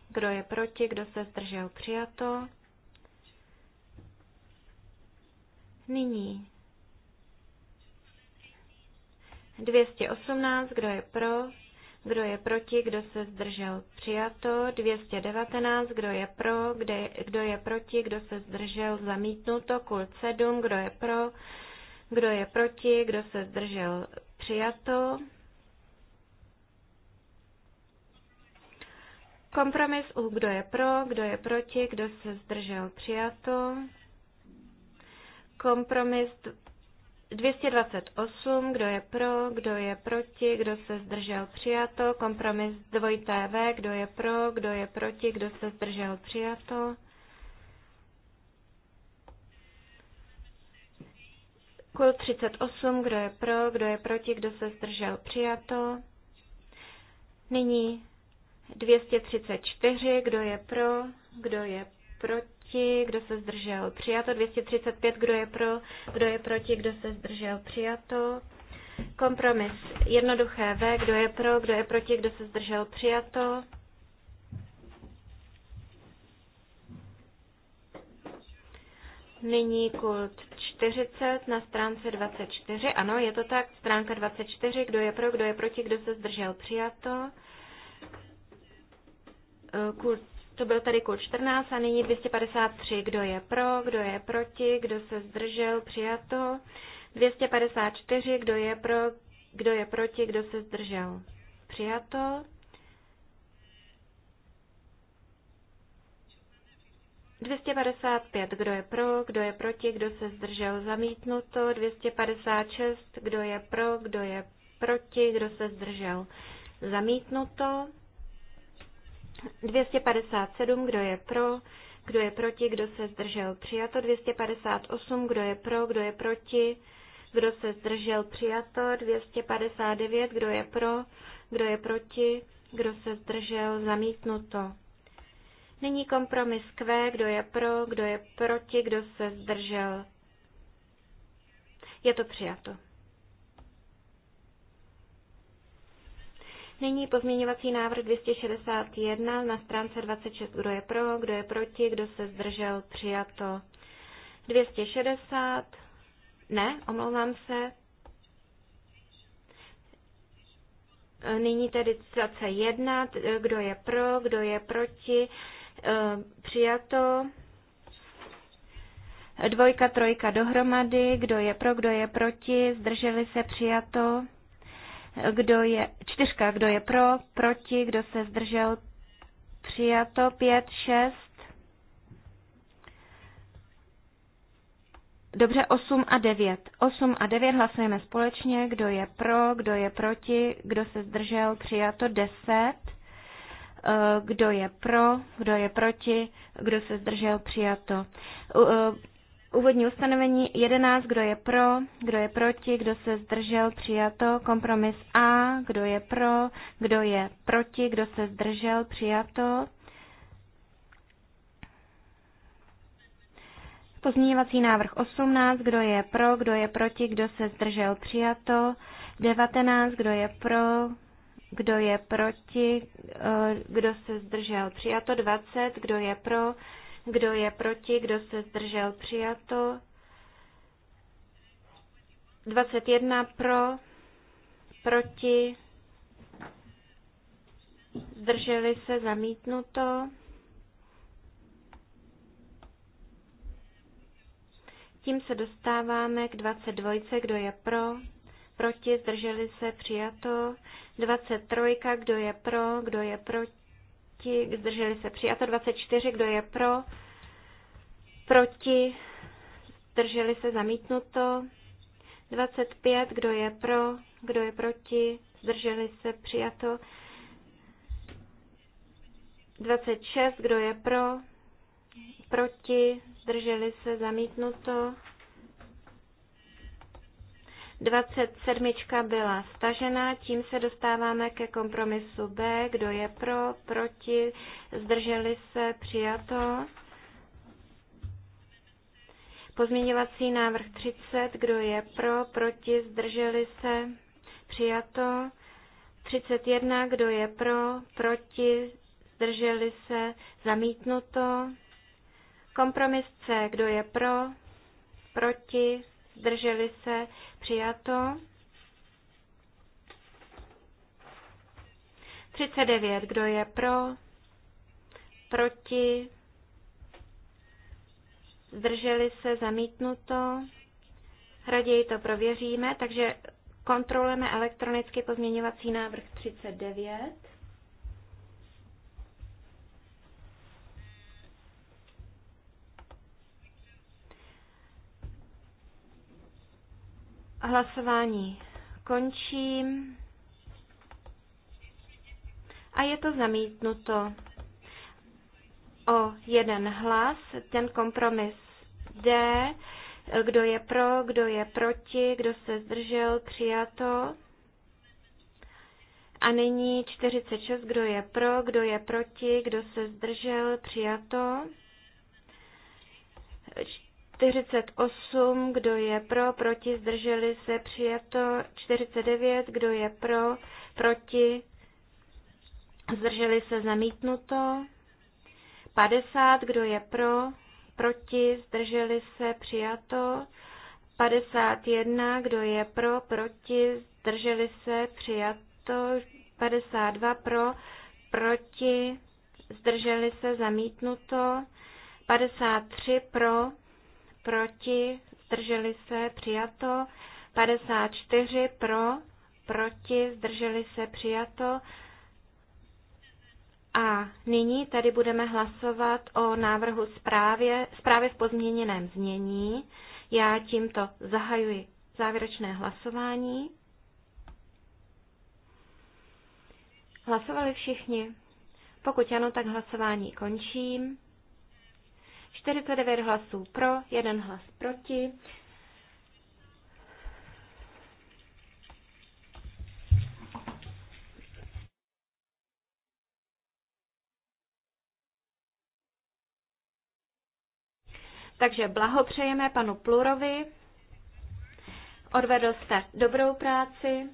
D: kdo je proti, kdo se zdržel, přijato. Nyní 218, kdo je pro, kdo je proti, kdo se zdržel. Přijato 219, kdo je pro, kde, kdo je proti, kdo se zdržel. Zamítnuto kult 7, kdo je pro, kdo je proti, kdo se zdržel. Přijato. Kompromis U, kdo je pro, kdo je proti, kdo se zdržel. Přijato. Kompromis 228, kdo je pro, kdo je proti, kdo se zdržel přijato, kompromis dvojité V, kdo je pro, kdo je proti, kdo se zdržel přijato. Kul 38, kdo je pro, kdo je proti, kdo se zdržel přijato. Nyní 234, kdo je pro, kdo je proti proti, kdo se zdržel přijato, 235, kdo je pro, kdo je proti, kdo se zdržel přijato. Kompromis jednoduché V, kdo je pro, kdo je proti, kdo se zdržel přijato. Nyní kult 40 na stránce 24. Ano, je to tak. Stránka 24. Kdo je pro, kdo je proti, kdo se zdržel přijato. Kult to byl tady kult 14 a nyní 253. Kdo je pro, kdo je proti, kdo se zdržel, přijato. 254. Kdo je pro, kdo je proti, kdo se zdržel, přijato. 255. Kdo je pro, kdo je proti, kdo se zdržel, zamítnuto. 256. Kdo je pro, kdo je proti, kdo se zdržel, zamítnuto. 257, kdo je pro, kdo je proti, kdo se zdržel přijato, 258, kdo je pro, kdo je proti, kdo se zdržel přijato, 259, kdo je pro, kdo je proti, kdo se zdržel zamítnuto. Nyní kompromis Q, kdo je pro, kdo je proti, kdo se zdržel. Je to přijato. Nyní pozměňovací návrh 261 na stránce 26. Kdo je pro, kdo je proti, kdo se zdržel, přijato. 260, ne, omlouvám se. Nyní tedy 1. kdo je pro, kdo je proti, eh, přijato. Dvojka, trojka dohromady, kdo je pro, kdo je proti, zdrželi se, přijato kdo je, čtyřka, kdo je pro, proti, kdo se zdržel, přijato, pět, šest, Dobře, 8 a 9. 8 a 9 hlasujeme společně, kdo je pro, kdo je proti, kdo se zdržel, přijato 10. Eh, kdo je pro, kdo je proti, kdo se zdržel, přijato. Eh, Úvodní ustanovení 11, kdo je pro, kdo je proti, kdo se zdržel, přijato. Kompromis A, kdo je pro, kdo je proti, kdo se zdržel, přijato. Pozměňovací návrh 18, kdo je pro, kdo je proti, kdo se zdržel, přijato. 19, kdo je pro, kdo je proti, eh, kdo se zdržel, přijato. 20, kdo je pro, kdo je proti? Kdo se zdržel? Přijato. 21 pro, proti, zdrželi se, zamítnuto. Tím se dostáváme k 22, kdo je pro, proti, zdrželi se, přijato. 23, kdo je pro, kdo je proti proti, zdrželi se přijato 24, kdo je pro, proti, zdrželi se zamítnuto 25, kdo je pro, kdo je proti, zdrželi se přijato 26, kdo je pro, proti, zdrželi se zamítnuto 27 byla stažena, tím se dostáváme ke kompromisu B. Kdo je pro, proti, zdrželi se, přijato. Pozměňovací návrh 30, kdo je pro, proti, zdrželi se, přijato. 31, kdo je pro, proti, zdrželi se, zamítnuto. Kompromis C, kdo je pro, proti, zdrželi se, Přijato. 39. Kdo je pro? Proti? Zdrželi se? Zamítnuto? Raději to prověříme, takže kontrolujeme elektronicky pozměňovací návrh 39. Hlasování končím. A je to zamítnuto o jeden hlas, ten kompromis D, kdo je pro, kdo je proti, kdo se zdržel, přijato. A nyní 46, kdo je pro, kdo je proti, kdo se zdržel, přijato. 48, kdo je pro, proti, zdrželi se, přijato. 49, kdo je pro, proti, zdrželi se, zamítnuto. 50, kdo je pro, proti, zdrželi se, přijato. 51, kdo je pro, proti, zdrželi se, přijato. 52 pro, proti, zdrželi se, zamítnuto. 53 pro, proti, zdrželi se, přijato. 54 pro, proti, zdrželi se, přijato. A nyní tady budeme hlasovat o návrhu zprávě, zprávě v pozměněném znění. Já tímto zahajuji závěrečné hlasování. Hlasovali všichni? Pokud ano, tak hlasování končím. 49 hlasů pro, jeden hlas proti. Takže blahopřejeme panu Plurovi. Odvedl jste dobrou práci.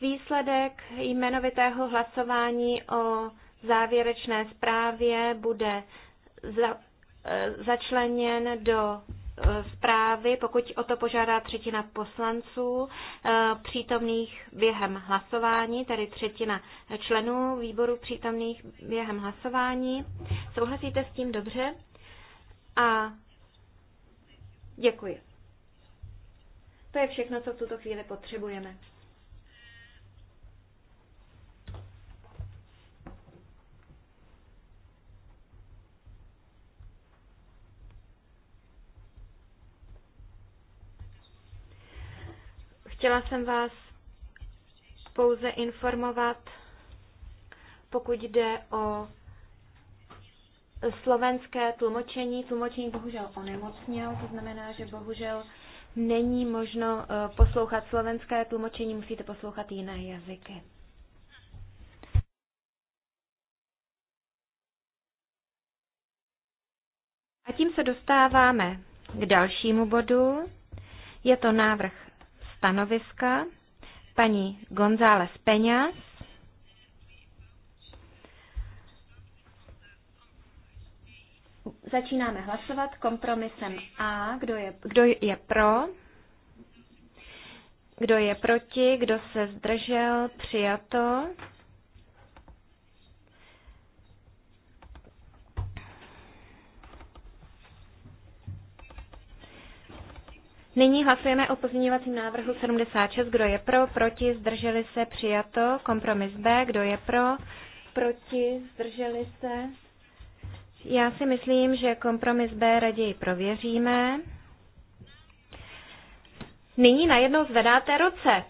D: Výsledek jmenovitého hlasování o závěrečné zprávě bude za, e, začleněn do e, zprávy, pokud o to požádá třetina poslanců e, přítomných během hlasování, tedy třetina členů výboru přítomných během hlasování. Souhlasíte s tím dobře? A děkuji. To je všechno, co v tuto chvíli potřebujeme. Chtěla jsem vás pouze informovat, pokud jde o slovenské tlumočení. Tlumočení bohužel onemocněl, to znamená, že bohužel není možno eh, poslouchat slovenské tlumočení, musíte poslouchat jiné jazyky. A tím se dostáváme k dalšímu bodu. Je to návrh stanoviska paní González Peňas. Začínáme hlasovat kompromisem A. Kdo je, kdo je pro? Kdo je proti? Kdo se zdržel? Přijato. Nyní hlasujeme o pozměňovacím návrhu 76. Kdo je pro, proti, zdrželi se, přijato. Kompromis B. Kdo je pro, proti, zdrželi se. Já si myslím, že kompromis B raději prověříme. Nyní najednou zvedáte ruce.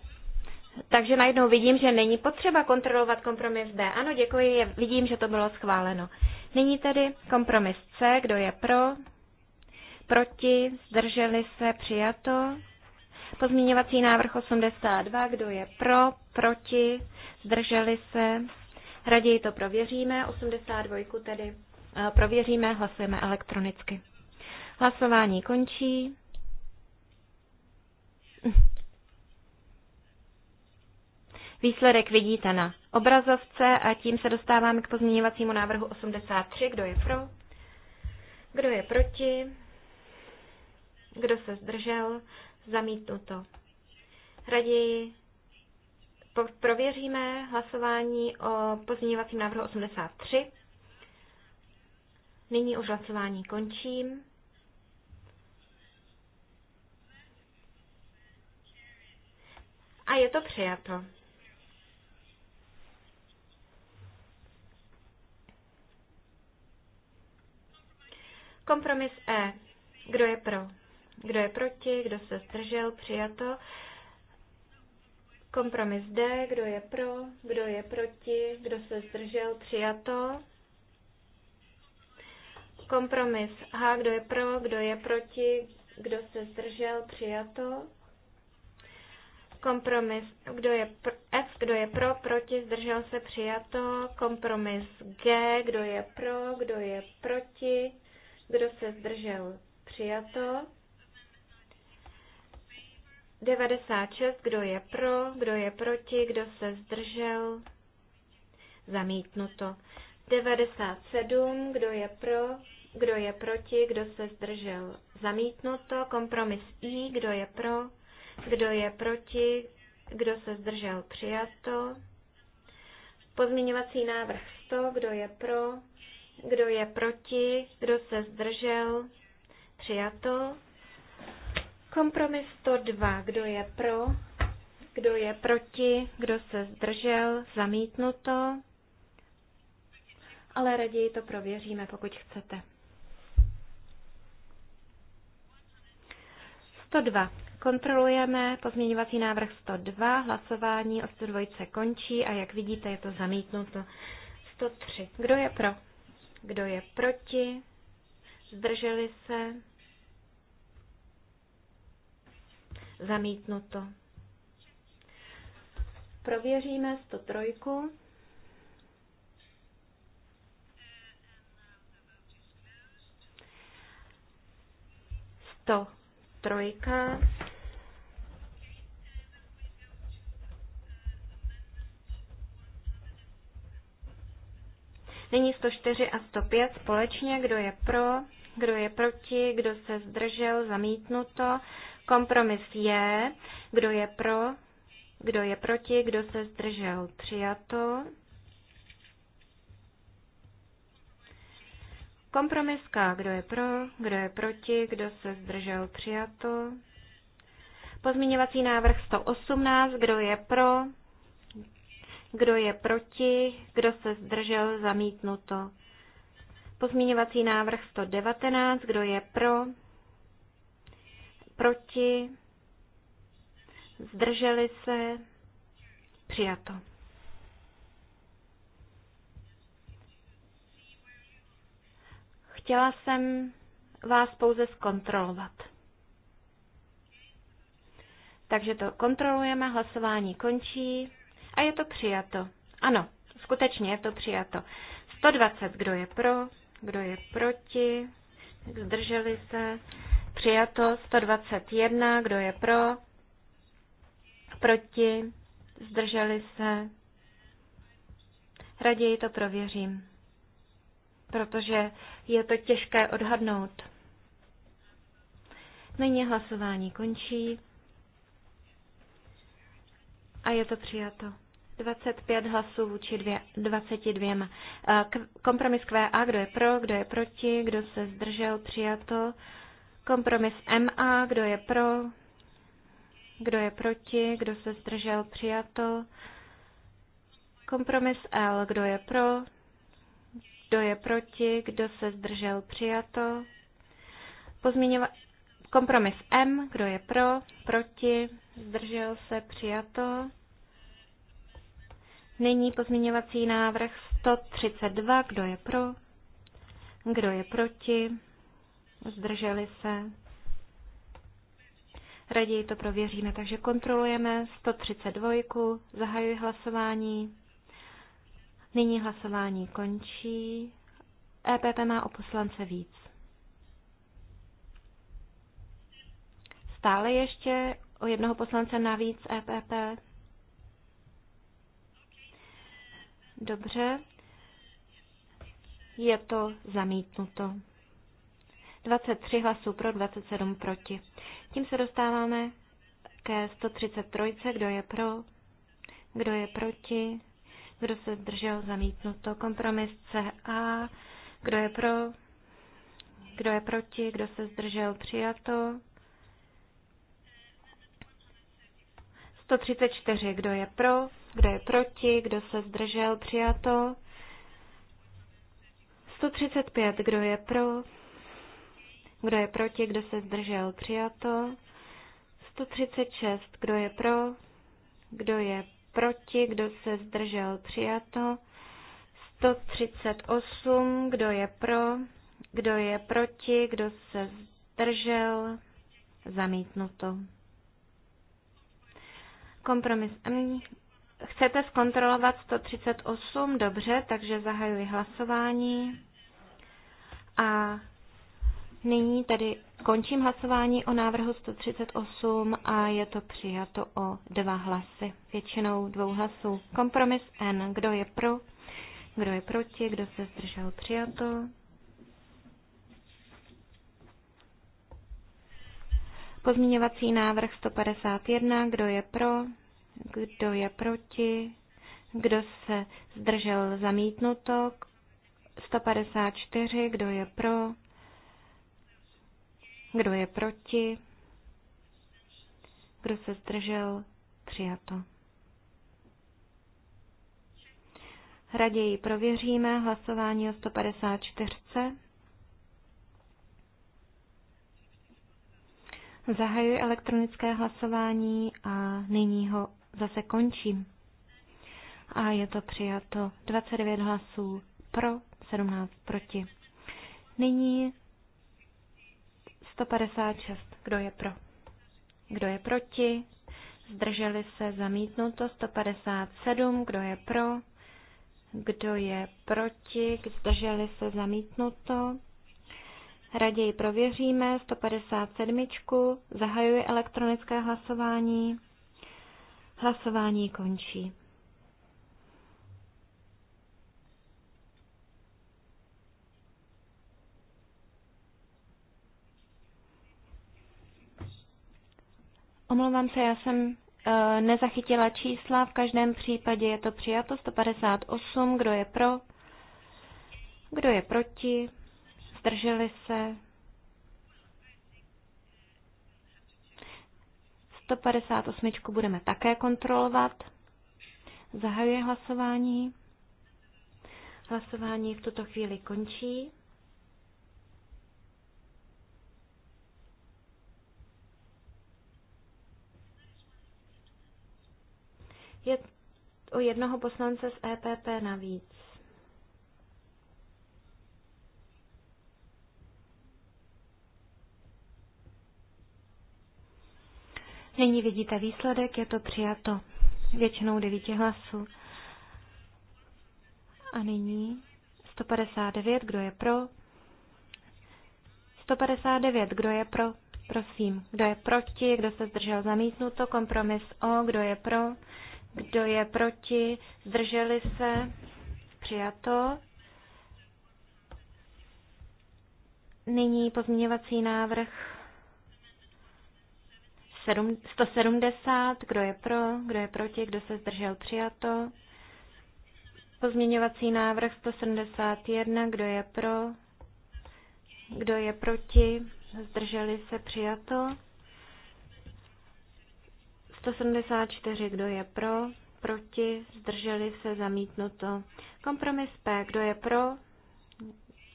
D: Takže najednou vidím, že není potřeba kontrolovat kompromis B. Ano, děkuji, vidím, že to bylo schváleno. Nyní tedy kompromis C, kdo je pro, proti, zdrželi se, přijato. Pozměňovací návrh 82, kdo je pro, proti, zdrželi se, raději to prověříme, 82 tedy eh, prověříme, hlasujeme elektronicky. Hlasování končí. Výsledek vidíte na obrazovce a tím se dostáváme k pozměňovacímu návrhu 83. Kdo je pro? Kdo je proti? Kdo se zdržel? Zamítnuto. Raději prověříme hlasování o pozměňovacím návrhu 83. Nyní už hlasování končím. A je to přijato. Kompromis E. Kdo je pro? Kdo je proti? Kdo se zdržel? Přijato. Kompromis D. Kdo je pro? Kdo je proti? Kdo se zdržel? Přijato. Kompromis H. Kdo je pro? Kdo je proti? Kdo se zdržel? Přijato. Kompromis kdo je pr- F. Kdo je pro? Proti? Zdržel se? Přijato. Kompromis G. Kdo je pro? Kdo je proti? Kdo se zdržel? Přijato. 96, kdo je pro, kdo je proti, kdo se zdržel, zamítnuto. 97, kdo je pro, kdo je proti, kdo se zdržel, zamítnuto. Kompromis I, kdo je pro, kdo je proti, kdo se zdržel, přijato. Pozměňovací návrh 100, kdo je pro, kdo je proti, kdo se zdržel, přijato. Kompromis 102. Kdo je pro? Kdo je proti? Kdo se zdržel? Zamítnuto? Ale raději to prověříme, pokud chcete. 102. Kontrolujeme pozměňovací návrh 102. Hlasování o 102 končí a jak vidíte, je to zamítnuto. 103. Kdo je pro? Kdo je proti? Zdrželi se? Zamítnuto. Prověříme 103. To trojka. Nyní 104 a 105 společně, kdo je pro, kdo je proti, kdo se zdržel, zamítnuto. Kompromis je, kdo je pro, kdo je proti, kdo se zdržel. Přijato. Kompromiska, kdo je pro, kdo je proti, kdo se zdržel. Přijato. Pozměňovací návrh 118, kdo je pro, kdo je proti, kdo se zdržel, zamítnuto. Pozměňovací návrh 119, kdo je pro, proti, zdrželi se, přijato. Chtěla jsem vás pouze zkontrolovat. Takže to kontrolujeme, hlasování končí a je to přijato. Ano, skutečně je to přijato. 120, kdo je pro, kdo je proti, zdrželi se, Přijato 121, kdo je pro? Proti? Zdrželi se? Raději to prověřím, protože je to těžké odhadnout. Nyní hlasování končí a je to přijato. 25 hlasů vůči dvě, 22. Eh, kompromis QA, kdo je pro, kdo je proti, kdo se zdržel, přijato. Kompromis MA, kdo je pro, kdo je proti, kdo se zdržel, přijato. Kompromis L, kdo je pro, kdo je proti, kdo se zdržel, přijato. Pozměňova... Kompromis M, kdo je pro, proti, zdržel se, přijato. Nyní pozměňovací návrh 132, kdo je pro, kdo je proti, zdrželi se. Raději to prověříme, takže kontrolujeme 132, zahajuji hlasování. Nyní hlasování končí. EPP má o poslance víc. Stále ještě o jednoho poslance navíc EPP. Dobře. Je to zamítnuto. 23 hlasů pro, 27 proti. Tím se dostáváme ke 133, kdo je pro, kdo je proti, kdo se zdržel zamítnuto. Kompromis CA, kdo je pro, kdo je proti, kdo se zdržel přijato. 134, kdo je pro, kdo je proti, kdo se zdržel přijato. 135, kdo je pro, kdo je proti? Kdo se zdržel? Přijato. 136. Kdo je pro? Kdo je proti? Kdo se zdržel? Přijato. 138. Kdo je pro? Kdo je proti? Kdo se zdržel? Zamítnuto. Kompromis. Chcete zkontrolovat 138? Dobře, takže zahajuji hlasování. A Nyní tedy končím hlasování o návrhu 138 a je to přijato o dva hlasy, většinou dvou hlasů. Kompromis N. Kdo je pro? Kdo je proti? Kdo se zdržel? Přijato. Pozměňovací návrh 151. Kdo je pro? Kdo je proti? Kdo se zdržel? Zamítnuto. 154. Kdo je pro? Kdo je proti? Kdo se zdržel? Přijato. Raději prověříme hlasování o 154. Zahajuji elektronické hlasování a nyní ho zase končím. A je to přijato 29 hlasů pro, 17 proti. Nyní 156. Kdo je pro? Kdo je proti? Zdrželi se zamítnuto 157. Kdo je pro? Kdo je proti? Zdrželi se zamítnuto. Raději prověříme 157. Zahajuji elektronické hlasování. Hlasování končí. Omlouvám se, já jsem eh, nezachytila čísla, v každém případě je to přijato 158, kdo je pro, kdo je proti, zdrželi se. 158 budeme také kontrolovat. Zahajuje hlasování. Hlasování v tuto chvíli končí. je o jednoho poslance z EPP navíc. Nyní vidíte výsledek, je to přijato většinou devíti hlasů. A nyní 159, kdo je pro? 159, kdo je pro? Prosím, kdo je proti, kdo se zdržel zamítnuto, kompromis O, kdo je pro, kdo je proti? Zdrželi se? Přijato. Nyní pozměňovací návrh 170. Kdo je pro? Kdo je proti? Kdo se zdržel? Přijato. Pozměňovací návrh 171. Kdo je pro? Kdo je proti? Zdrželi se? Přijato. 174, kdo je pro, proti, zdrželi se, zamítnuto. Kompromis P, kdo je pro,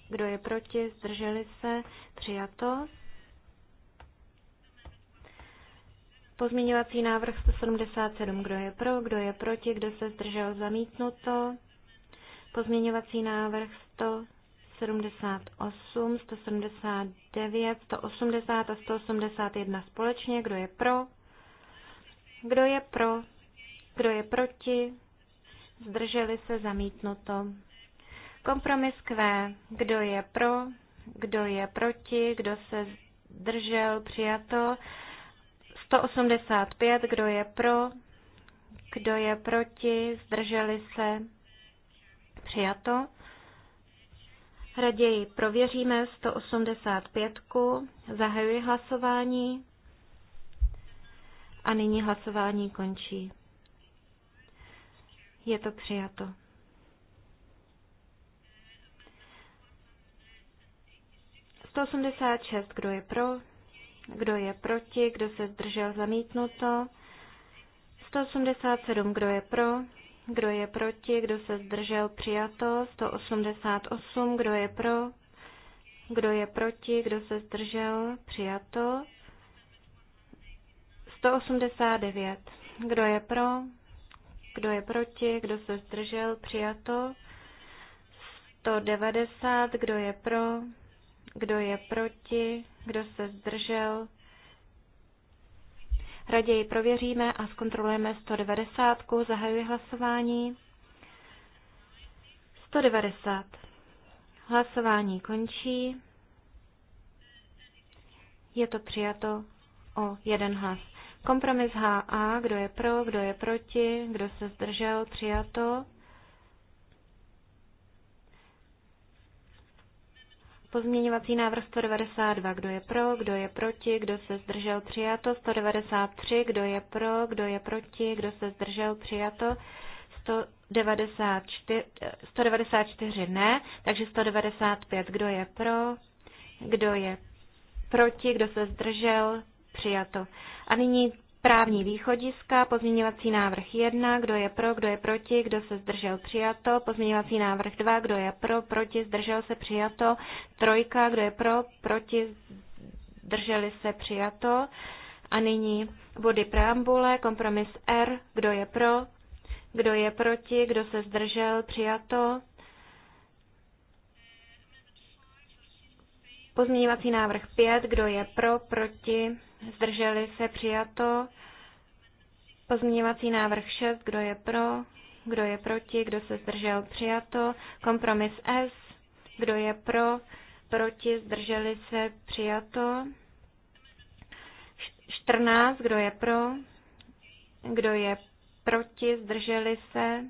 D: kdo je proti, zdrželi se, přijato. Pozměňovací návrh 177, kdo je pro, kdo je proti, kdo se zdržel, zamítnuto. Pozměňovací návrh 178, 179, 180 a 181 společně, kdo je pro, kdo je pro? Kdo je proti? Zdrželi se zamítnuto. Kompromis Q. Kdo je pro? Kdo je proti? Kdo se zdržel? Přijato. 185. Kdo je pro? Kdo je proti? Zdrželi se? Přijato. Raději prověříme 185. Zahajuji hlasování. A nyní hlasování končí. Je to přijato. šest, kdo je pro, kdo je proti, kdo se zdržel zamítnuto. 187, kdo je pro, kdo je proti, kdo se zdržel přijato. 188, kdo je pro, kdo je proti, kdo se zdržel přijato. 189. Kdo je pro? Kdo je proti? Kdo se zdržel? Přijato. 190. Kdo je pro? Kdo je proti? Kdo se zdržel? Raději prověříme a zkontrolujeme 190. Zahajuji hlasování. 190. Hlasování končí. Je to přijato o jeden hlas. Kompromis HA, kdo je pro, kdo je proti, kdo se zdržel, přijato. Pozměňovací návrh 192, kdo je pro, kdo je proti, kdo se zdržel, přijato. 193, kdo je pro, kdo je proti, kdo se zdržel, přijato. 194, 194 ne, takže 195, kdo je pro, kdo je proti, kdo se zdržel, Přijato. A nyní právní východiska, pozměňovací návrh 1, kdo je pro, kdo je proti, kdo se zdržel přijato, pozměňovací návrh 2, kdo je pro, proti, zdržel se přijato, trojka, kdo je pro, proti, zdrželi se přijato. A nyní body preambule, kompromis R, kdo je pro, kdo je proti, kdo se zdržel, přijato. Pozměňovací návrh 5, kdo je pro, proti, zdrželi se, přijato. Pozměňovací návrh 6, kdo je pro, kdo je proti, kdo se zdržel, přijato. Kompromis S, kdo je pro, proti, zdrželi se, přijato. 14, kdo je pro, kdo je proti, zdrželi se,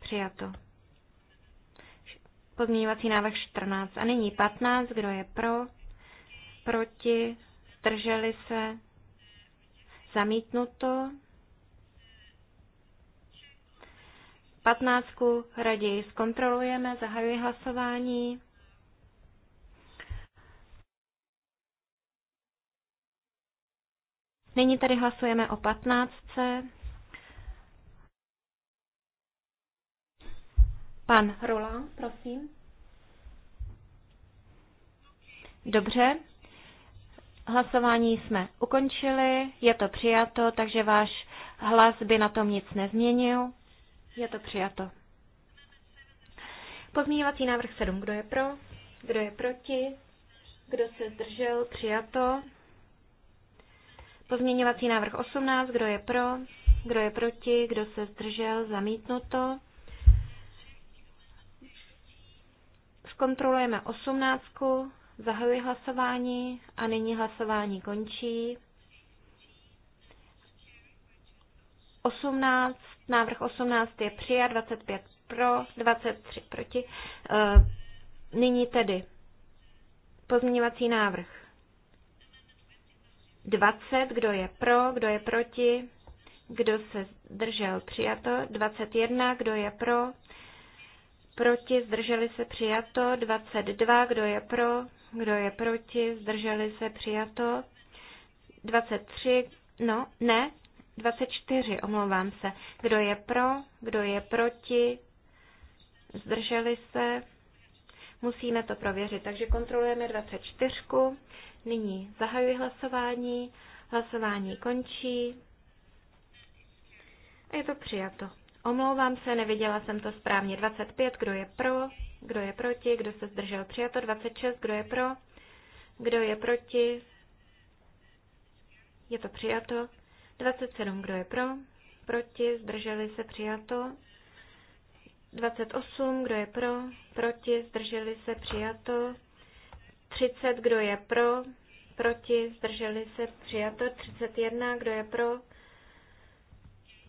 D: přijato. Pozměňovací návrh 14. A nyní 15, kdo je pro, proti, zdrželi se, zamítnuto. Patnáctku raději zkontrolujeme, zahajuji hlasování. Nyní tady hlasujeme o patnáctce. Pan Roland, prosím. Dobře, Hlasování jsme ukončili, je to přijato, takže váš hlas by na tom nic nezměnil. Je to přijato. Pozměňovací návrh 7. Kdo je pro? Kdo je proti? Kdo se zdržel? Přijato. Pozměňovací návrh 18. Kdo je pro? Kdo je proti? Kdo se zdržel? Zamítnuto. Zkontrolujeme 18. Zahajuji hlasování a nyní hlasování končí. 18, návrh 18 je přijat, 25 pro, 23 proti. Eh, nyní tedy pozměňovací návrh 20, kdo je pro, kdo je proti, kdo se zdržel, přijato. 21, kdo je pro, proti, zdrželi se, přijato. 22, kdo je pro, kdo je proti? Zdrželi se? Přijato. 23. No, ne. 24. Omlouvám se. Kdo je pro? Kdo je proti? Zdrželi se? Musíme to prověřit. Takže kontrolujeme 24. Nyní zahajuji hlasování. Hlasování končí. A je to přijato. Omlouvám se, neviděla jsem to správně. 25, kdo je pro, kdo je proti? Kdo se zdržel? Přijato 26. Kdo je pro? Kdo je proti? Je to přijato. 27. Kdo je pro? Proti? Zdrželi se? Přijato. 28. Kdo je pro? Proti? Zdrželi se? Přijato. 30. Kdo je pro? Proti? Zdrželi se? Přijato. 31. Kdo je pro?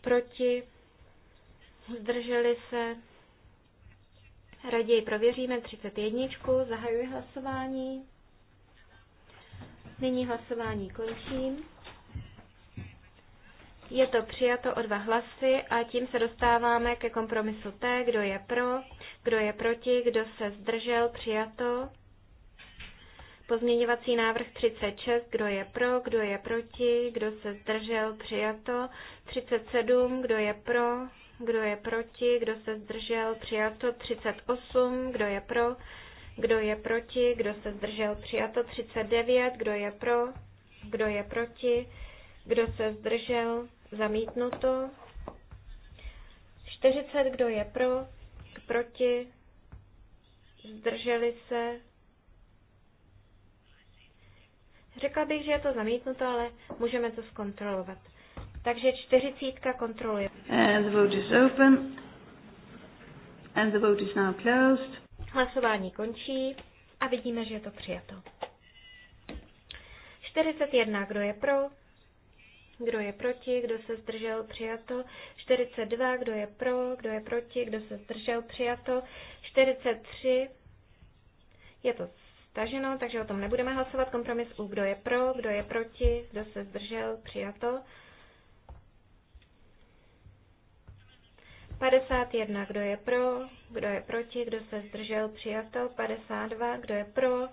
D: Proti? Zdrželi se? Raději prověříme 31. Zahajuji hlasování. Nyní hlasování končím. Je to přijato o dva hlasy a tím se dostáváme ke kompromisu T, kdo je pro, kdo je proti, kdo se zdržel, přijato. Pozměňovací návrh 36, kdo je pro, kdo je proti, kdo se zdržel, přijato. 37, kdo je pro, kdo je proti, kdo se zdržel, přijato 38, kdo je pro, kdo je proti, kdo se zdržel, přijato 39, kdo je pro, kdo je proti, kdo se zdržel, zamítnuto 40, kdo je pro, k proti, zdrželi se. Řekla bych, že je to zamítnuto, ale můžeme to zkontrolovat. Takže čtyřicítka kontroluje. And the vote is
C: open. And the vote is now closed.
D: Hlasování končí a vidíme, že je to přijato. 41. Kdo je pro? Kdo je proti? Kdo se zdržel? Přijato. 42. Kdo je pro? Kdo je proti? Kdo se zdržel? Přijato. 43. Je to staženo, takže o tom nebudeme hlasovat. Kompromis U. Kdo je pro? Kdo je proti? Kdo se zdržel? Přijato. 51, kdo je pro, kdo je proti, kdo se zdržel, přijato. 52, kdo je pro,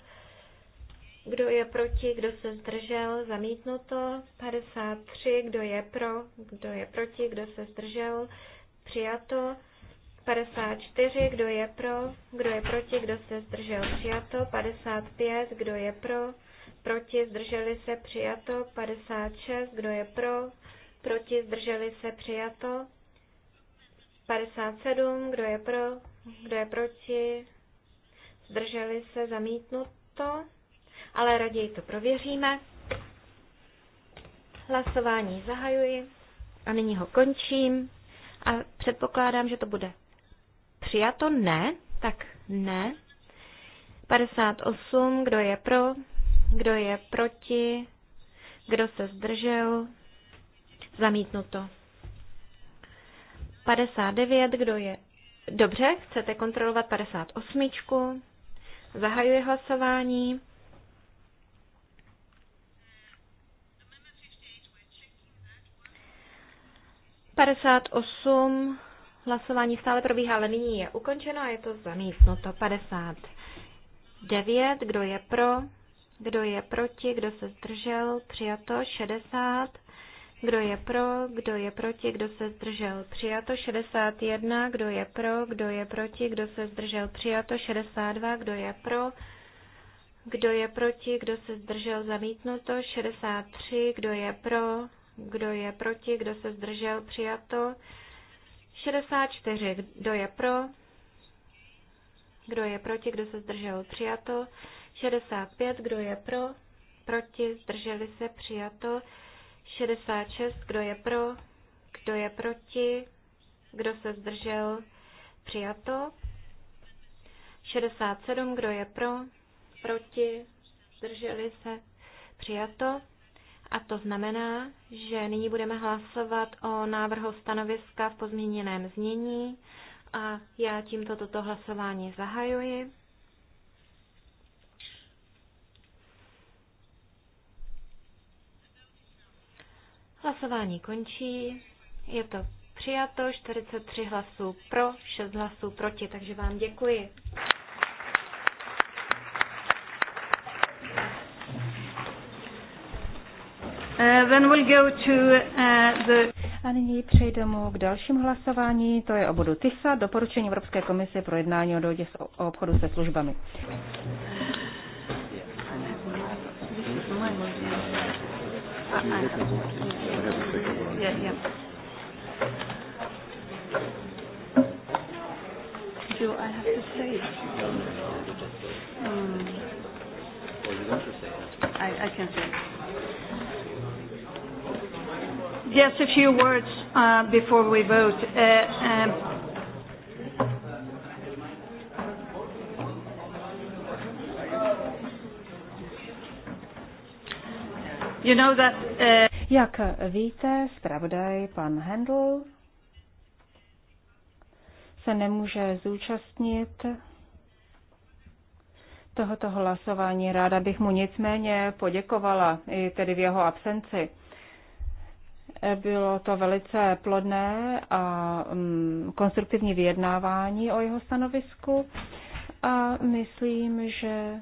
D: kdo je proti, kdo se zdržel, zamítnuto. 53, kdo je pro, kdo je proti, kdo se zdržel, přijato. 54, kdo je pro, kdo je proti, kdo se zdržel, přijato. 55, kdo je pro, proti, zdrželi se, přijato. 56, kdo je pro, proti, zdrželi se, přijato. 57, kdo je pro, kdo je proti, zdrželi se, zamítnuto, ale raději to prověříme. Hlasování zahajuji a nyní ho končím a předpokládám, že to bude přijato, ne, tak ne. 58, kdo je pro, kdo je proti, kdo se zdržel, zamítnuto. 59, kdo je? Dobře, chcete kontrolovat 58. Zahajuji hlasování. Padesát osm. Hlasování stále probíhá, ale nyní je ukončeno a je to zamítnuto. 59. Kdo je pro? Kdo je proti? Kdo se zdržel? Přijato. 60. Kdo je pro, kdo je proti, kdo se zdržel? Přijato 61. Kdo je pro, kdo je proti, kdo se zdržel? Přijato 62. Kdo je pro, kdo je proti, kdo se zdržel? Zamítnuto 63. Kdo je pro, kdo je proti, kdo se zdržel? Přijato 64. Kdo je pro, kdo je proti, kdo se zdržel? Přijato 65. Kdo je pro, proti, zdrželi se? Přijato 66, kdo je pro, kdo je proti, kdo se zdržel, přijato. 67, kdo je pro, proti, zdrželi se, přijato. A to znamená, že nyní budeme hlasovat o návrhu stanoviska v pozměněném znění a já tímto toto hlasování zahajuji. Hlasování končí. Je to přijato 43 hlasů pro, 6 hlasů proti, takže vám děkuji.
B: Uh, then we'll go to uh, the... A nyní přejdeme k dalšímu hlasování, to je o bodu TISA, doporučení Evropské komise pro jednání o dohodě o obchodu se službami.
C: Yeah have to take a vote. Yeah, yeah. Do I have to say it? Um, well, you want to say it. I, I can say it. Just a few words uh, before we vote. Uh, um, You know that uh,
B: jak víte, zpravodaj pan Hendl se nemůže zúčastnit tohoto hlasování. Ráda bych mu nicméně poděkovala, i tedy v jeho absenci. Bylo to velice plodné a mm, konstruktivní vyjednávání o jeho stanovisku a myslím, že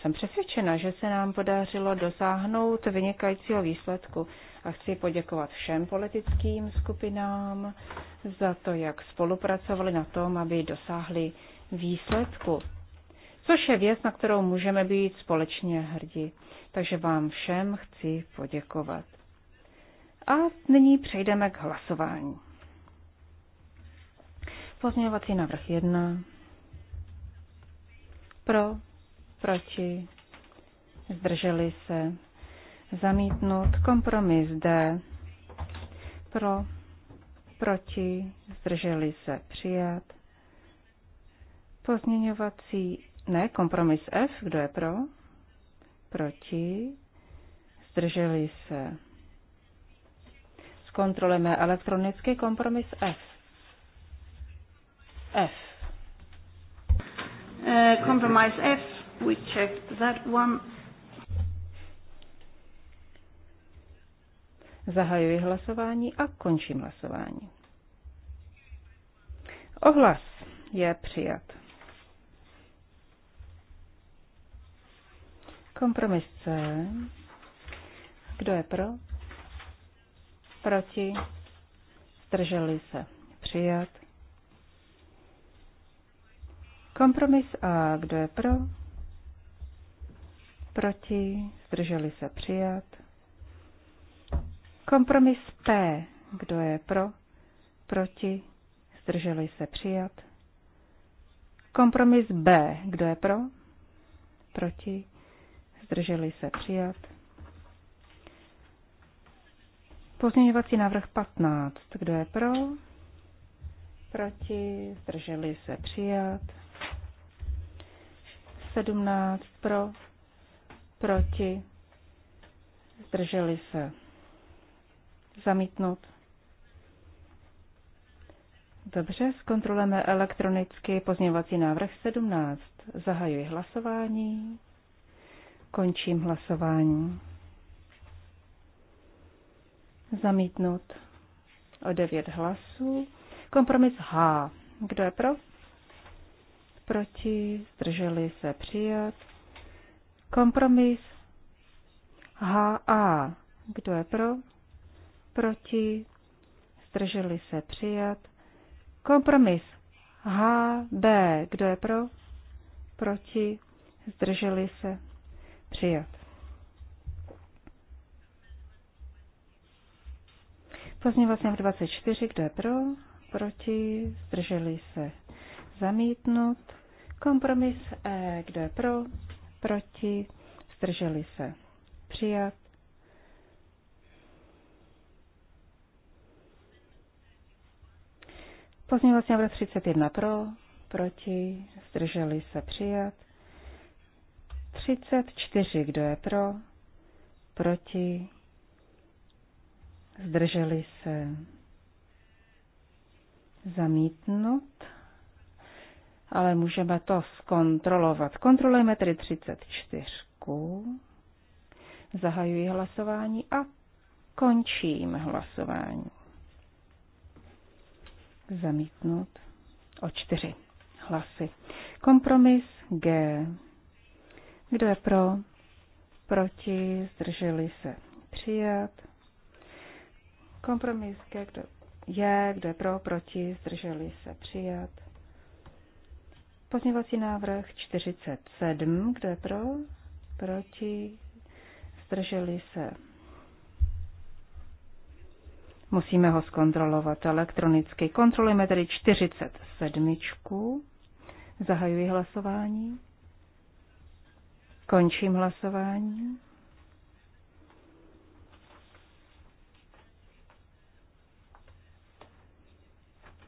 B: jsem přesvědčena, že se nám podařilo dosáhnout vynikajícího výsledku a chci poděkovat všem politickým skupinám za to, jak spolupracovali na tom, aby dosáhli výsledku. Což je věc, na kterou můžeme být společně hrdí. Takže vám všem chci poděkovat. A nyní přejdeme k hlasování. Pozměňovací návrh 1. Pro proti, zdrželi se, zamítnut, kompromis D, pro, proti, zdrželi se, přijat, pozměňovací, ne, kompromis F, kdo je pro, proti, zdrželi se. Zkontrolujeme elektronický kompromis F. F. Uh, eh, compromise F we checked that one. Zahajuji hlasování a končím hlasování. Ohlas je přijat. Kompromis C. Kdo je pro? Proti? Zdrželi se. Přijat. Kompromis A. Kdo je pro? proti, zdrželi se přijat. Kompromis P, kdo je pro, proti, zdrželi se přijat. Kompromis B, kdo je pro, proti, zdrželi se přijat. Pozměňovací návrh 15, kdo je pro, proti, zdrželi se přijat. 17 pro, proti, zdrželi se, zamítnout. Dobře, zkontrolujeme elektronicky pozměňovací návrh 17. Zahajuji hlasování. Končím hlasování. Zamítnout o 9 hlasů. Kompromis H. Kdo je pro? Proti? Zdrželi se přijat. Kompromis HA. Kdo je pro? Proti? Zdrželi se přijat. Kompromis HB. Kdo je pro? Proti? Zdrželi se přijat. Pozměňovací návrh 24. Kdo je pro? Proti? Zdrželi se zamítnut. Kompromis E. Kdo je pro? proti, zdrželi se přijat. Pozměňovací návrh 31 pro, proti, zdrželi se přijat. 34, kdo je pro, proti, zdrželi se zamítnout ale můžeme to zkontrolovat. Kontrolujeme tedy 34. Zahajuji hlasování a končím hlasování. Zamítnout o čtyři hlasy. Kompromis G. Kdo je pro? Proti? Zdrželi se? Přijat. Kompromis G. Kdo je? Kdo je pro? Proti? Zdrželi se? Přijat. Pozměňovací návrh 47. Kdo je pro? Proti? Zdrželi se? Musíme ho zkontrolovat elektronicky. Kontrolujeme tedy 47. Zahajuji hlasování. Končím hlasování.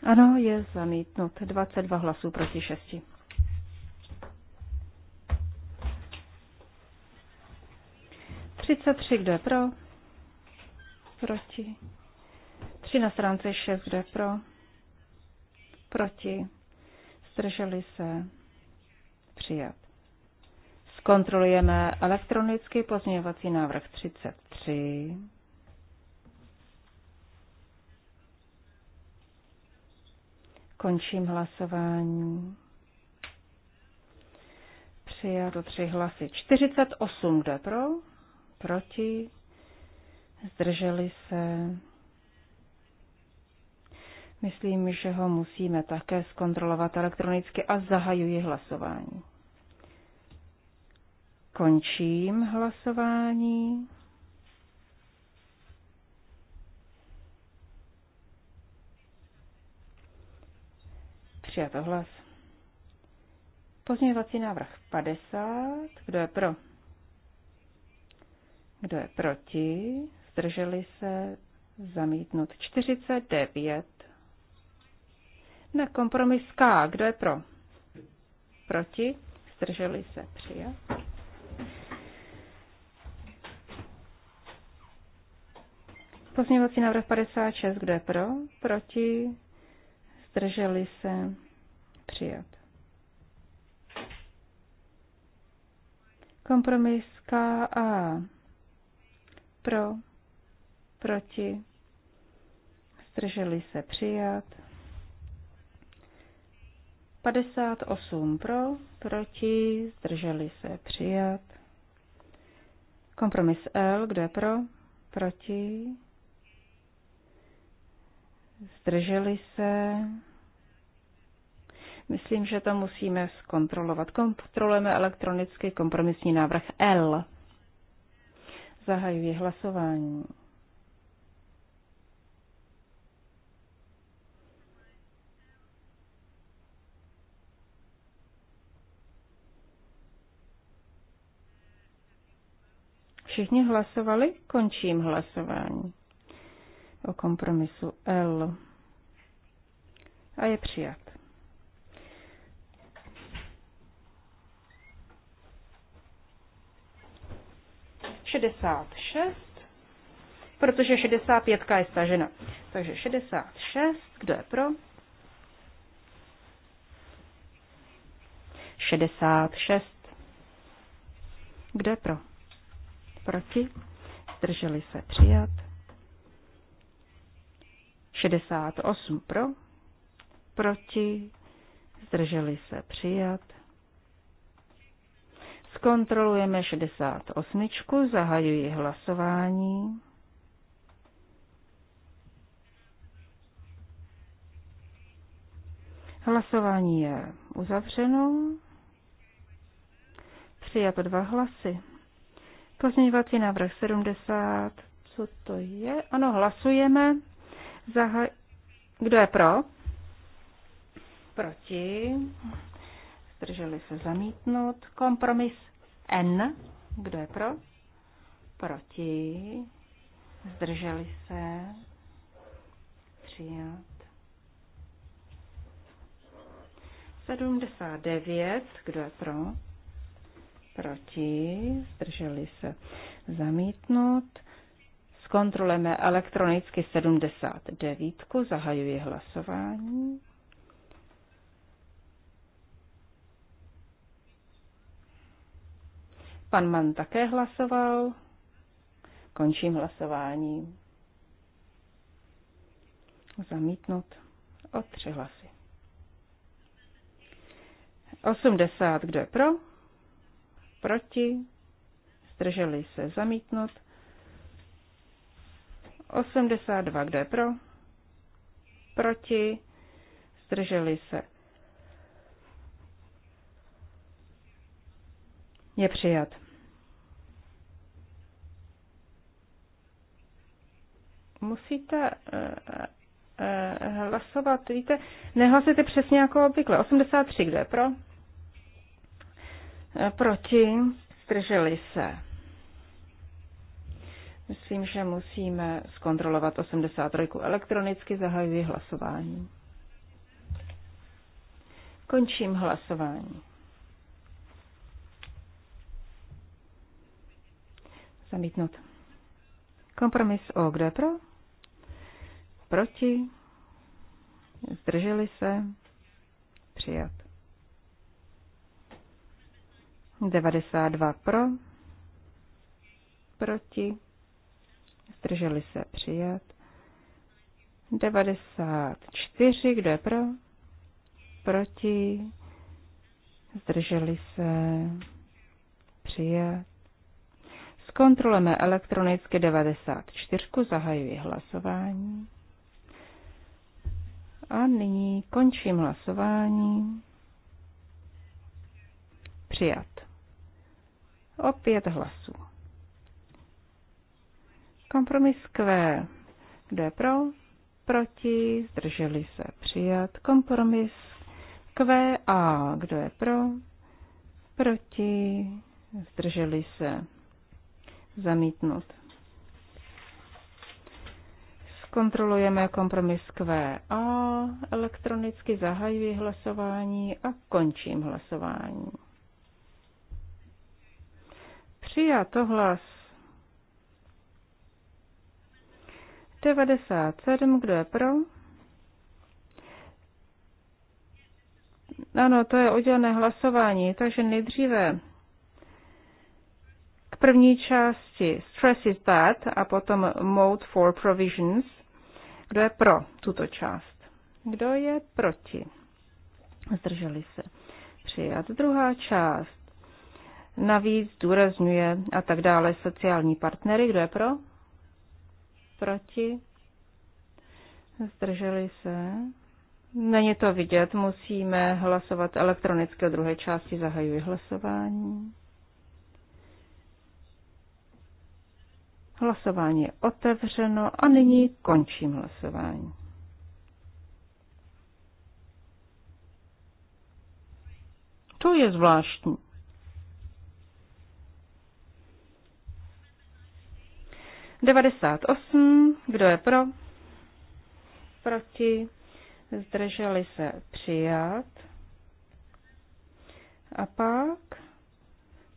B: Ano, je zamítnut. 22 hlasů proti 6. 33, kdo je pro? Proti. 3 na stránce 6, kdo je pro? Proti. Zdrželi se. Přijat. Zkontrolujeme elektronicky pozměňovací návrh 33. Končím hlasování. Přijato tři hlasy. 48, kdo je pro? proti, zdrželi se. Myslím, že ho musíme také zkontrolovat elektronicky a zahajuji hlasování. Končím hlasování. Přijato hlas. Pozměňovací návrh 50. Kdo je pro? Kdo je proti? Zdrželi se? Zamítnut. 49. Na kompromis K. Kdo je pro? Proti? Zdrželi se? Přijat. Pozměňovací návrh 56. Kdo je pro? Proti? Zdrželi se? Přijat. Kompromis a pro, proti, zdrželi se přijat. 58 pro, proti, zdrželi se přijat. Kompromis L, kdo je pro, proti, zdrželi se. Myslím, že to musíme zkontrolovat. Kontrolujeme elektronicky kompromisní návrh L. Zahajuji hlasování. Všichni hlasovali? Končím hlasování o kompromisu L. A je přijat. 66, protože 65 je stažena. Takže 66, kdo je pro? 66. Kdo je pro? Proti? Zdrželi se přijat. 68 pro, proti, zdrželi se přijat. Zkontrolujeme 68. Zahajuji hlasování. Hlasování je uzavřeno. Přijato dva hlasy. Pozměňovací návrh 70. Co to je? Ano, hlasujeme. Zahaj... Kdo je pro? Proti zdrželi se zamítnout. Kompromis N, kdo je pro? Proti, zdrželi se přijat. 79, kdo je pro? Proti, zdrželi se zamítnout. Zkontrolujeme elektronicky 79, zahajuji hlasování. Pan Man také hlasoval. Končím hlasování. Zamítnut o tři hlasy. 80, kdo je pro? Proti? Zdrželi se zamítnut. 82, kdo je pro? Proti? Zdrželi se je přijat. Musíte eh, eh, hlasovat, víte, nehlasujte přesně jako obvykle. 83, kdo je pro? Eh, proti, zdrželi se. Myslím, že musíme zkontrolovat 83 elektronicky, zahajuji hlasování. Končím hlasování. Zamítnut. Kompromis O. Kdo je pro? Proti? Zdrželi se? Přijat. 92 pro? Proti? Zdrželi se? Přijat. 94. Kdo je pro? Proti? Zdrželi se? Přijat. Zkontrolujeme elektronicky 94. Zahajuji hlasování. A nyní končím hlasování. Přijat. O pět hlasů. Kompromis Q. Kdo je pro? Proti? Zdrželi se. Přijat. Kompromis QA. Kdo je pro? Proti? Zdrželi se zamítnut. Zkontrolujeme kompromis QA, elektronicky zahajuji hlasování a končím hlasování. Přijato hlas 97, kdo je pro? Ano, to je oddělené hlasování, takže nejdříve první části Stress is bad a potom Mode for Provisions. Kdo je pro tuto část? Kdo je proti? Zdrželi se. Přijat. Druhá část. Navíc důrazňuje a tak dále sociální partnery. Kdo je pro? Proti? Zdrželi se. Není to vidět, musíme hlasovat elektronicky o druhé části. Zahajuji hlasování. Hlasování je otevřeno a nyní končím hlasování. To je zvláštní. Devadesát osm, kdo je pro? Proti? Zdrželi se přijat. A pak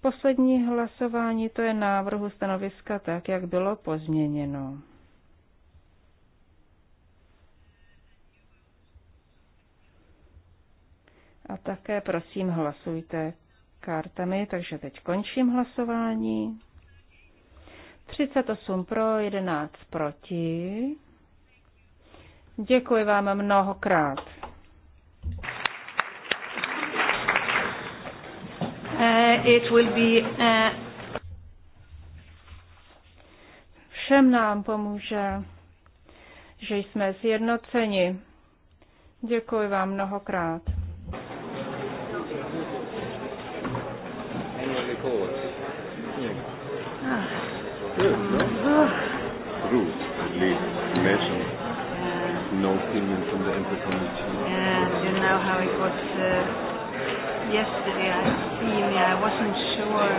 B: Poslední hlasování to je návrhu stanoviska tak, jak bylo pozměněno. A také prosím hlasujte kartami, takže teď končím hlasování. 38 pro, 11 proti. Děkuji vám mnohokrát. Eh, it will be, uh... Všem nám pomůže, že jsme zjednoceni. Děkuji vám mnohokrát. Ah.
C: No yeah, you know how it was. Uh yesterday. I seen. I wasn't sure.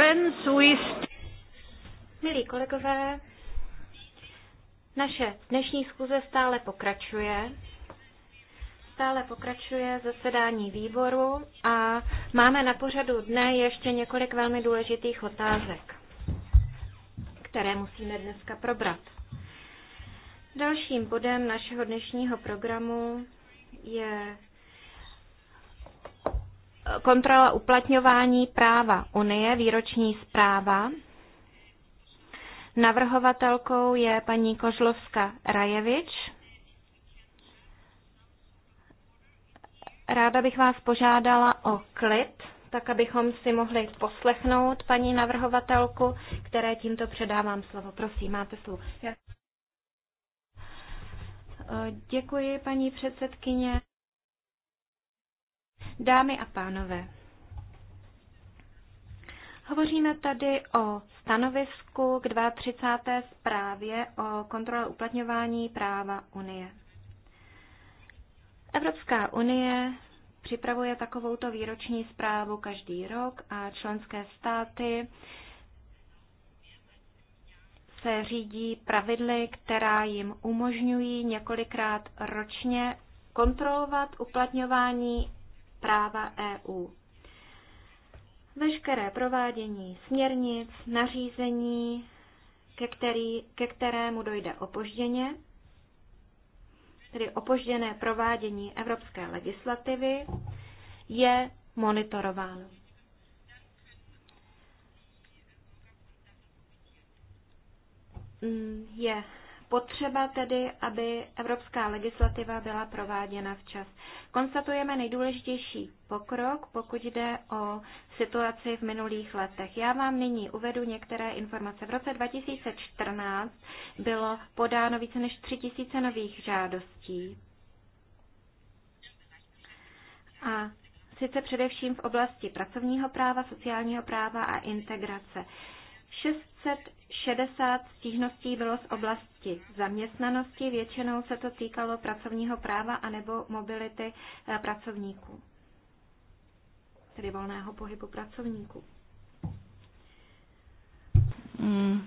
D: friends, we Milí kolegové, naše dnešní schůze stále pokračuje. Stále pokračuje zasedání výboru a máme na pořadu dne ještě několik velmi důležitých otázek, které musíme dneska probrat. Dalším bodem našeho dnešního programu je kontrola uplatňování práva Unie, výroční zpráva. Navrhovatelkou je paní Kožlovska Rajevič. Ráda bych vás požádala o klid, tak abychom si mohli poslechnout paní navrhovatelku, které tímto předávám slovo. Prosím, máte slovo. Eh, děkuji, paní předsedkyně. Dámy a pánové, hovoříme tady o stanovisku k 32. zprávě o kontrole uplatňování práva Unie. Evropská unie připravuje takovouto výroční zprávu každý rok a členské státy se řídí pravidly, která jim umožňují několikrát ročně kontrolovat uplatňování práva EU. Veškeré provádění směrnic, nařízení, ke, který, ke kterému dojde opožděně, tedy opožděné provádění evropské legislativy, je monitorováno. Mm, je potřeba tedy, aby evropská legislativa byla prováděna včas. Konstatujeme nejdůležitější pokrok, pokud jde o situaci v minulých letech. Já vám nyní uvedu některé informace. V roce 2014 bylo podáno více než 3000 nových žádostí. A sice především v oblasti pracovního práva, sociálního práva a integrace. 660 stížností bylo z oblasti zaměstnanosti, většinou se to týkalo pracovního práva anebo mobility eh, pracovníků, tedy volného pohybu pracovníků.
C: Hmm.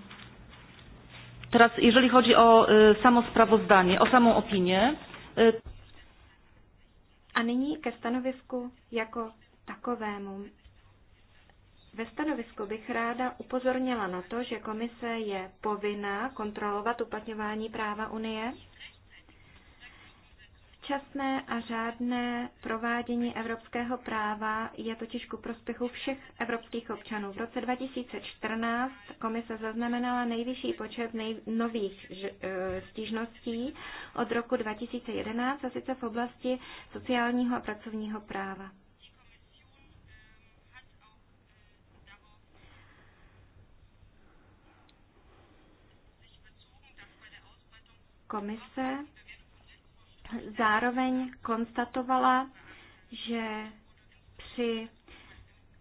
B: Teraz, jeżeli chodzi o e, samo sprawozdanie, o samą opinię. E...
D: A nyní ke stanovisku jako takovému. Ve stanovisku bych ráda upozornila na to, že komise je povinná kontrolovat uplatňování práva Unie, Včasné a řádné provádění evropského práva je totiž ku prospěchu všech evropských občanů. V roce 2014 komise zaznamenala nejvyšší počet nej- nových e, stížností od roku 2011, a sice v oblasti sociálního a pracovního práva. komise zároveň konstatovala, že při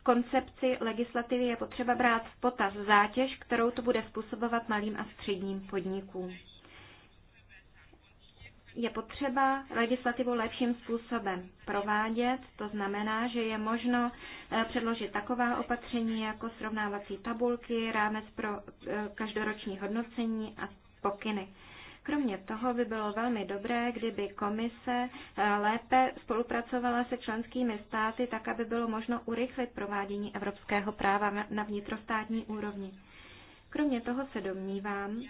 D: koncepci legislativy je potřeba brát v potaz zátěž, kterou to bude způsobovat malým a středním podnikům. Je potřeba legislativu lepším způsobem provádět, to znamená, že je možno eh, předložit taková opatření jako srovnávací tabulky, rámec pro eh, každoroční hodnocení a pokyny. Kromě toho by bylo velmi dobré, kdyby komise eh, lépe spolupracovala se členskými státy, tak aby bylo možno urychlit provádění evropského práva na vnitrostátní úrovni. Kromě toho se domnívám,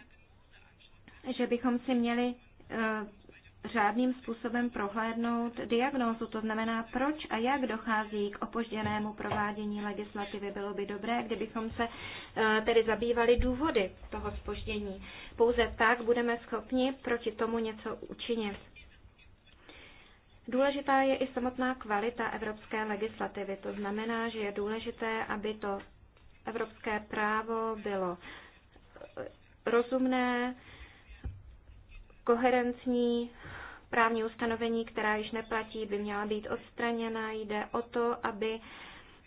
D: že bychom si měli eh, řádným způsobem prohlédnout diagnózu, to znamená, proč a jak dochází k opožděnému provádění legislativy. Bylo by dobré, kdybychom se eh, tedy zabývali důvody toho spoždění. Pouze tak budeme schopni proti tomu něco učinit. Důležitá je i samotná kvalita evropské legislativy. To znamená, že je důležité, aby to evropské právo bylo eh, rozumné, koherentní právní ustanovení, která již neplatí, by měla být odstraněna. Jde o to, aby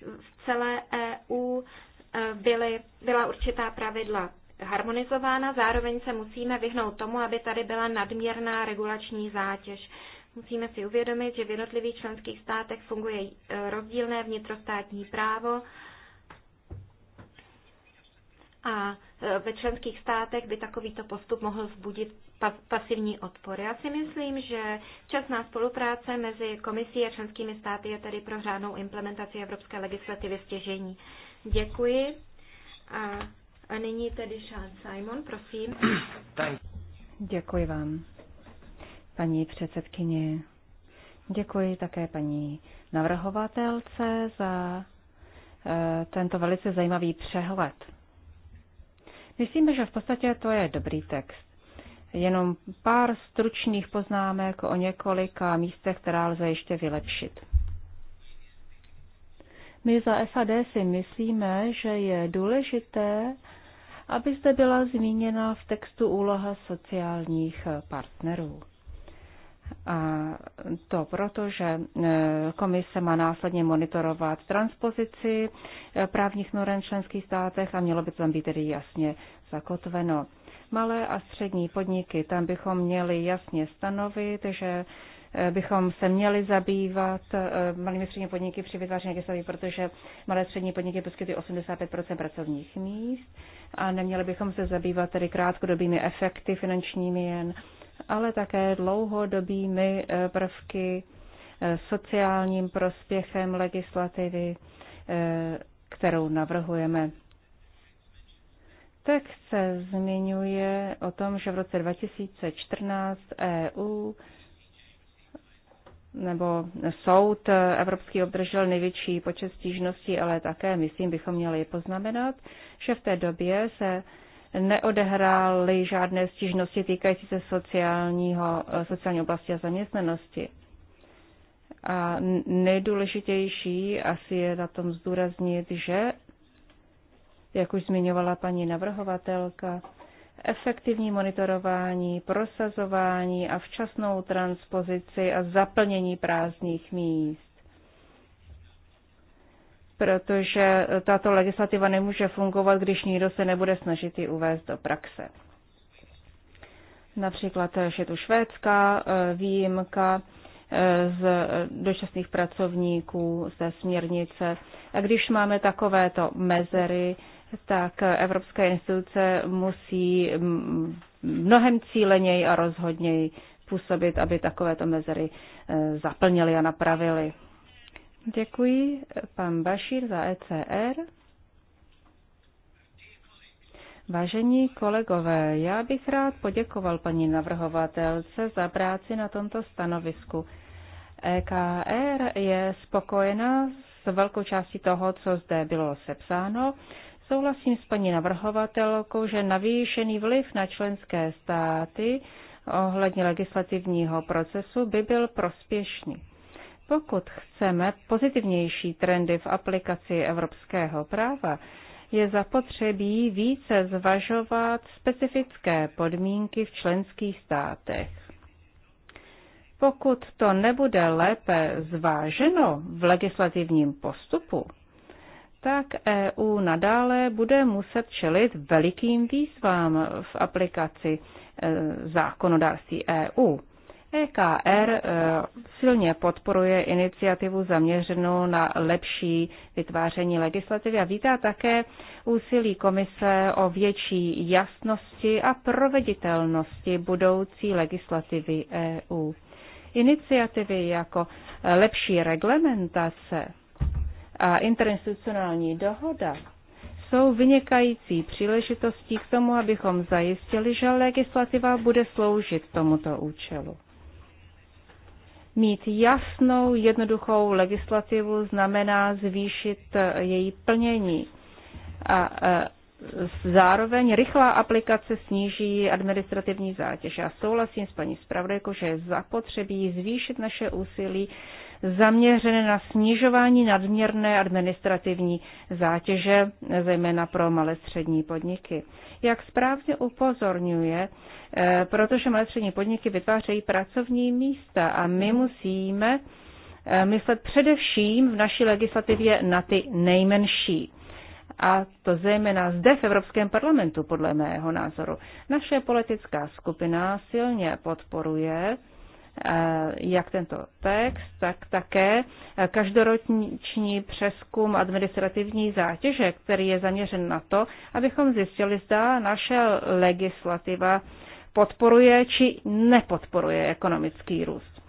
D: v celé EU e, byly, byla určitá pravidla harmonizována, zároveň se musíme vyhnout tomu, aby tady byla nadměrná regulační zátěž. Musíme si uvědomit, že v jednotlivých členských státech funguje e, rozdílné vnitrostátní právo a e, ve členských státech by takovýto postup mohl vzbudit pasivní odpor. Já si myslím, že časná spolupráce mezi komisí a členskými státy je tedy pro řádnou implementaci evropské legislativy stěžení. Děkuji. A, a nyní tedy Sean Simon, prosím.
B: Děkuji vám, paní předsedkyně. Děkuji také paní navrhovatelce za eh, tento velice zajímavý přehled. Myslím, že v podstatě to je dobrý text. Jenom pár stručných poznámek o několika místech, která lze ještě vylepšit. My za FAD si myslíme, že je důležité, aby zde byla zmíněna v textu úloha sociálních partnerů. A to proto, že e, komise má následně monitorovat transpozici e, právních norem v členských státech a mělo by to tam být tedy jasně zakotveno. Malé a střední podniky, tam bychom měli jasně stanovit, že e, bychom se měli zabývat malými střední podniky při vytváření legislativy, protože malé střední podniky poskytují 85 pracovních míst a neměli bychom se zabývat tedy krátkodobými efekty finančními jen ale také dlouhodobými eh, prvky, eh, sociálním prospěchem legislativy, eh, kterou navrhujeme. Text se zmiňuje o tom, že v roce 2014 EU nebo soud Evropský obdržel největší počet stížností, ale také, myslím, bychom měli poznamenat, že v té době se neodehrály žádné stížnosti týkající se sociálního, eh, sociální oblasti a zaměstnanosti. A nejdůležitější asi je na tom zdůraznit, že, jak už zmiňovala paní navrhovatelka, efektivní monitorování, prosazování a včasnou transpozici a zaplnění prázdných míst protože tato legislativa nemůže fungovat, když nikdo se nebude snažit ji uvést do praxe. Například eh, je tu švédská eh, výjimka eh, z dočasných pracovníků, ze směrnice. A když máme takovéto mezery, tak evropské instituce musí mm, mnohem cíleněji a rozhodněji působit, aby takovéto mezery zaplnili a napravili. Děkuji pan Bašír za ECR. Vážení kolegové, já bych rád poděkoval paní navrhovatelce za práci na tomto stanovisku. EKR je spokojena s velkou částí toho, co zde bylo sepsáno. Souhlasím s paní navrhovatelkou, že navýšený vliv na členské státy ohledně legislativního procesu by byl prospěšný. Pokud chceme pozitivnější trendy v aplikaci evropského práva, je zapotřebí více zvažovat specifické podmínky v členských státech. Pokud to nebude lépe zváženo v legislativním postupu, tak EU nadále bude muset čelit velikým výzvám v aplikaci e, zákonodárství EU. EKR eh, silně podporuje iniciativu zaměřenou na lepší vytváření legislativy a vítá také úsilí komise o větší jasnosti a proveditelnosti budoucí legislativy EU. Iniciativy jako lepší reglementace a interinstitucionální dohoda jsou vynikající příležitostí k tomu, abychom zajistili, že legislativa bude sloužit tomuto účelu. Mít jasnou, jednoduchou legislativu znamená zvýšit její plnění. A zároveň rychlá aplikace sníží administrativní zátěž. Já souhlasím s paní zpravodajkou, že je zapotřebí zvýšit naše úsilí zaměřené na snižování nadměrné administrativní zátěže, zejména pro malé střední podniky jak správně upozorňuje, eh, protože malé střední podniky vytvářejí pracovní místa a my musíme eh, myslet především v naší legislativě na ty nejmenší. A to zejména zde v Evropském parlamentu, podle mého názoru. Naše politická skupina silně podporuje Eh, jak tento text, tak také eh, každoroční přeskum administrativní zátěže, který je zaměřen na to, abychom zjistili, zda naše legislativa podporuje či nepodporuje ekonomický růst.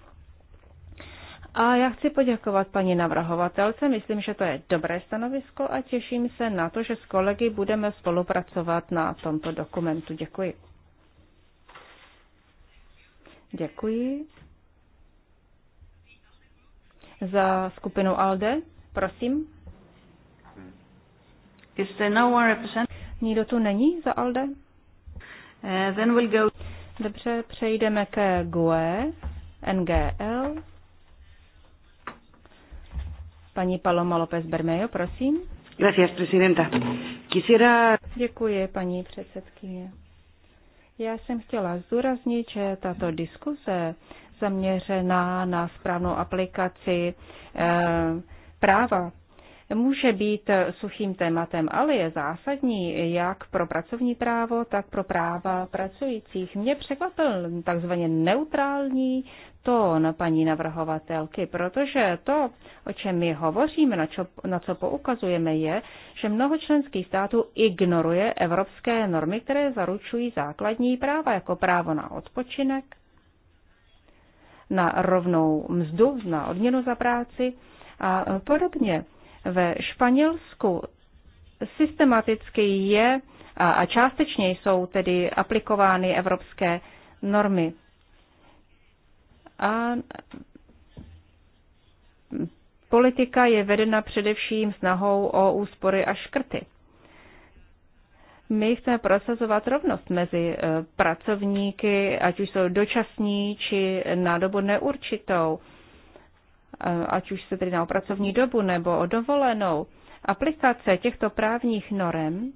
B: A já chci poděkovat paní navrhovatelce, myslím, že to je dobré stanovisko a těším se na to, že s kolegy budeme spolupracovat na tomto dokumentu. Děkuji. Děkuji. Za skupinu ALDE, prosím. Is there no one represent? Nikdo tu není za ALDE? Uh, then we'll go. Dobře, přejdeme ke GUE, NGL. Paní Paloma López Bermejo, prosím. Gracias, presidenta. Quisiera... Děkuji, paní předsedkyně. Já jsem chtěla zdůraznit, že tato diskuze zaměřená na správnou aplikaci eh, práva může být suchým tématem, ale je zásadní jak pro pracovní právo, tak pro práva pracujících. Mě překvapil takzvaně neutrální tón paní navrhovatelky, protože to, o čem my hovoříme, na co, na co poukazujeme, je, že mnoho členských států ignoruje evropské normy, které zaručují základní práva, jako právo na odpočinek, na rovnou mzdu, na odměnu za práci a podobně. Ve Španělsku systematicky je a částečně jsou tedy aplikovány evropské normy. A politika je vedena především snahou o úspory a škrty. My chceme prosazovat rovnost mezi e, pracovníky, ať už jsou dočasní či na dobu neurčitou Eh, ať už se tedy na pracovní dobu nebo o dovolenou, aplikace těchto právních norem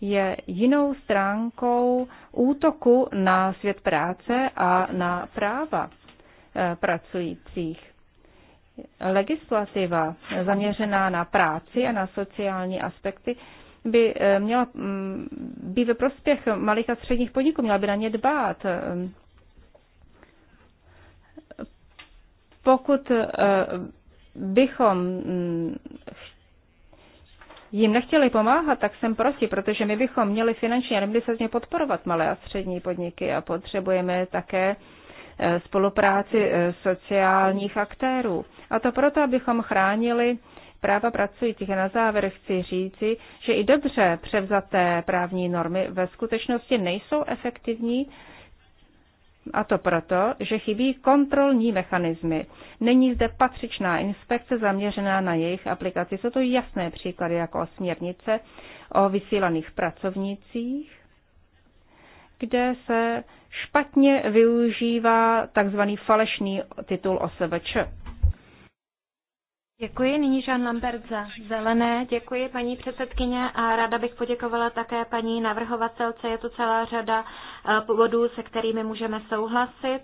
B: je jinou stránkou útoku na svět práce a na práva eh, pracujících. Legislativa zaměřená na práci a na sociální aspekty by eh, měla mm, být ve prospěch malých a středních podniků, měla by na ně dbát, Pokud eh, bychom mm, jim nechtěli pomáhat, tak jsem proti, protože my bychom měli finančně administrativně podporovat malé a střední podniky a potřebujeme také eh, spolupráci eh, sociálních aktérů. A to proto, abychom chránili práva pracujících. A na závěr chci říci, že i dobře převzaté právní normy ve skutečnosti nejsou efektivní a to proto, že chybí kontrolní mechanismy. Není zde patřičná inspekce zaměřená na jejich aplikaci. Jsou to jasné příklady jako směrnice o vysílaných pracovnících, kde se špatně využívá tzv. falešný titul OSVČ.
D: Děkuji. Nyní Jean Lambert za zelené. Děkuji paní předsedkyně a ráda bych poděkovala také paní navrhovatelce. Je tu celá řada eh, bodů, se kterými můžeme souhlasit.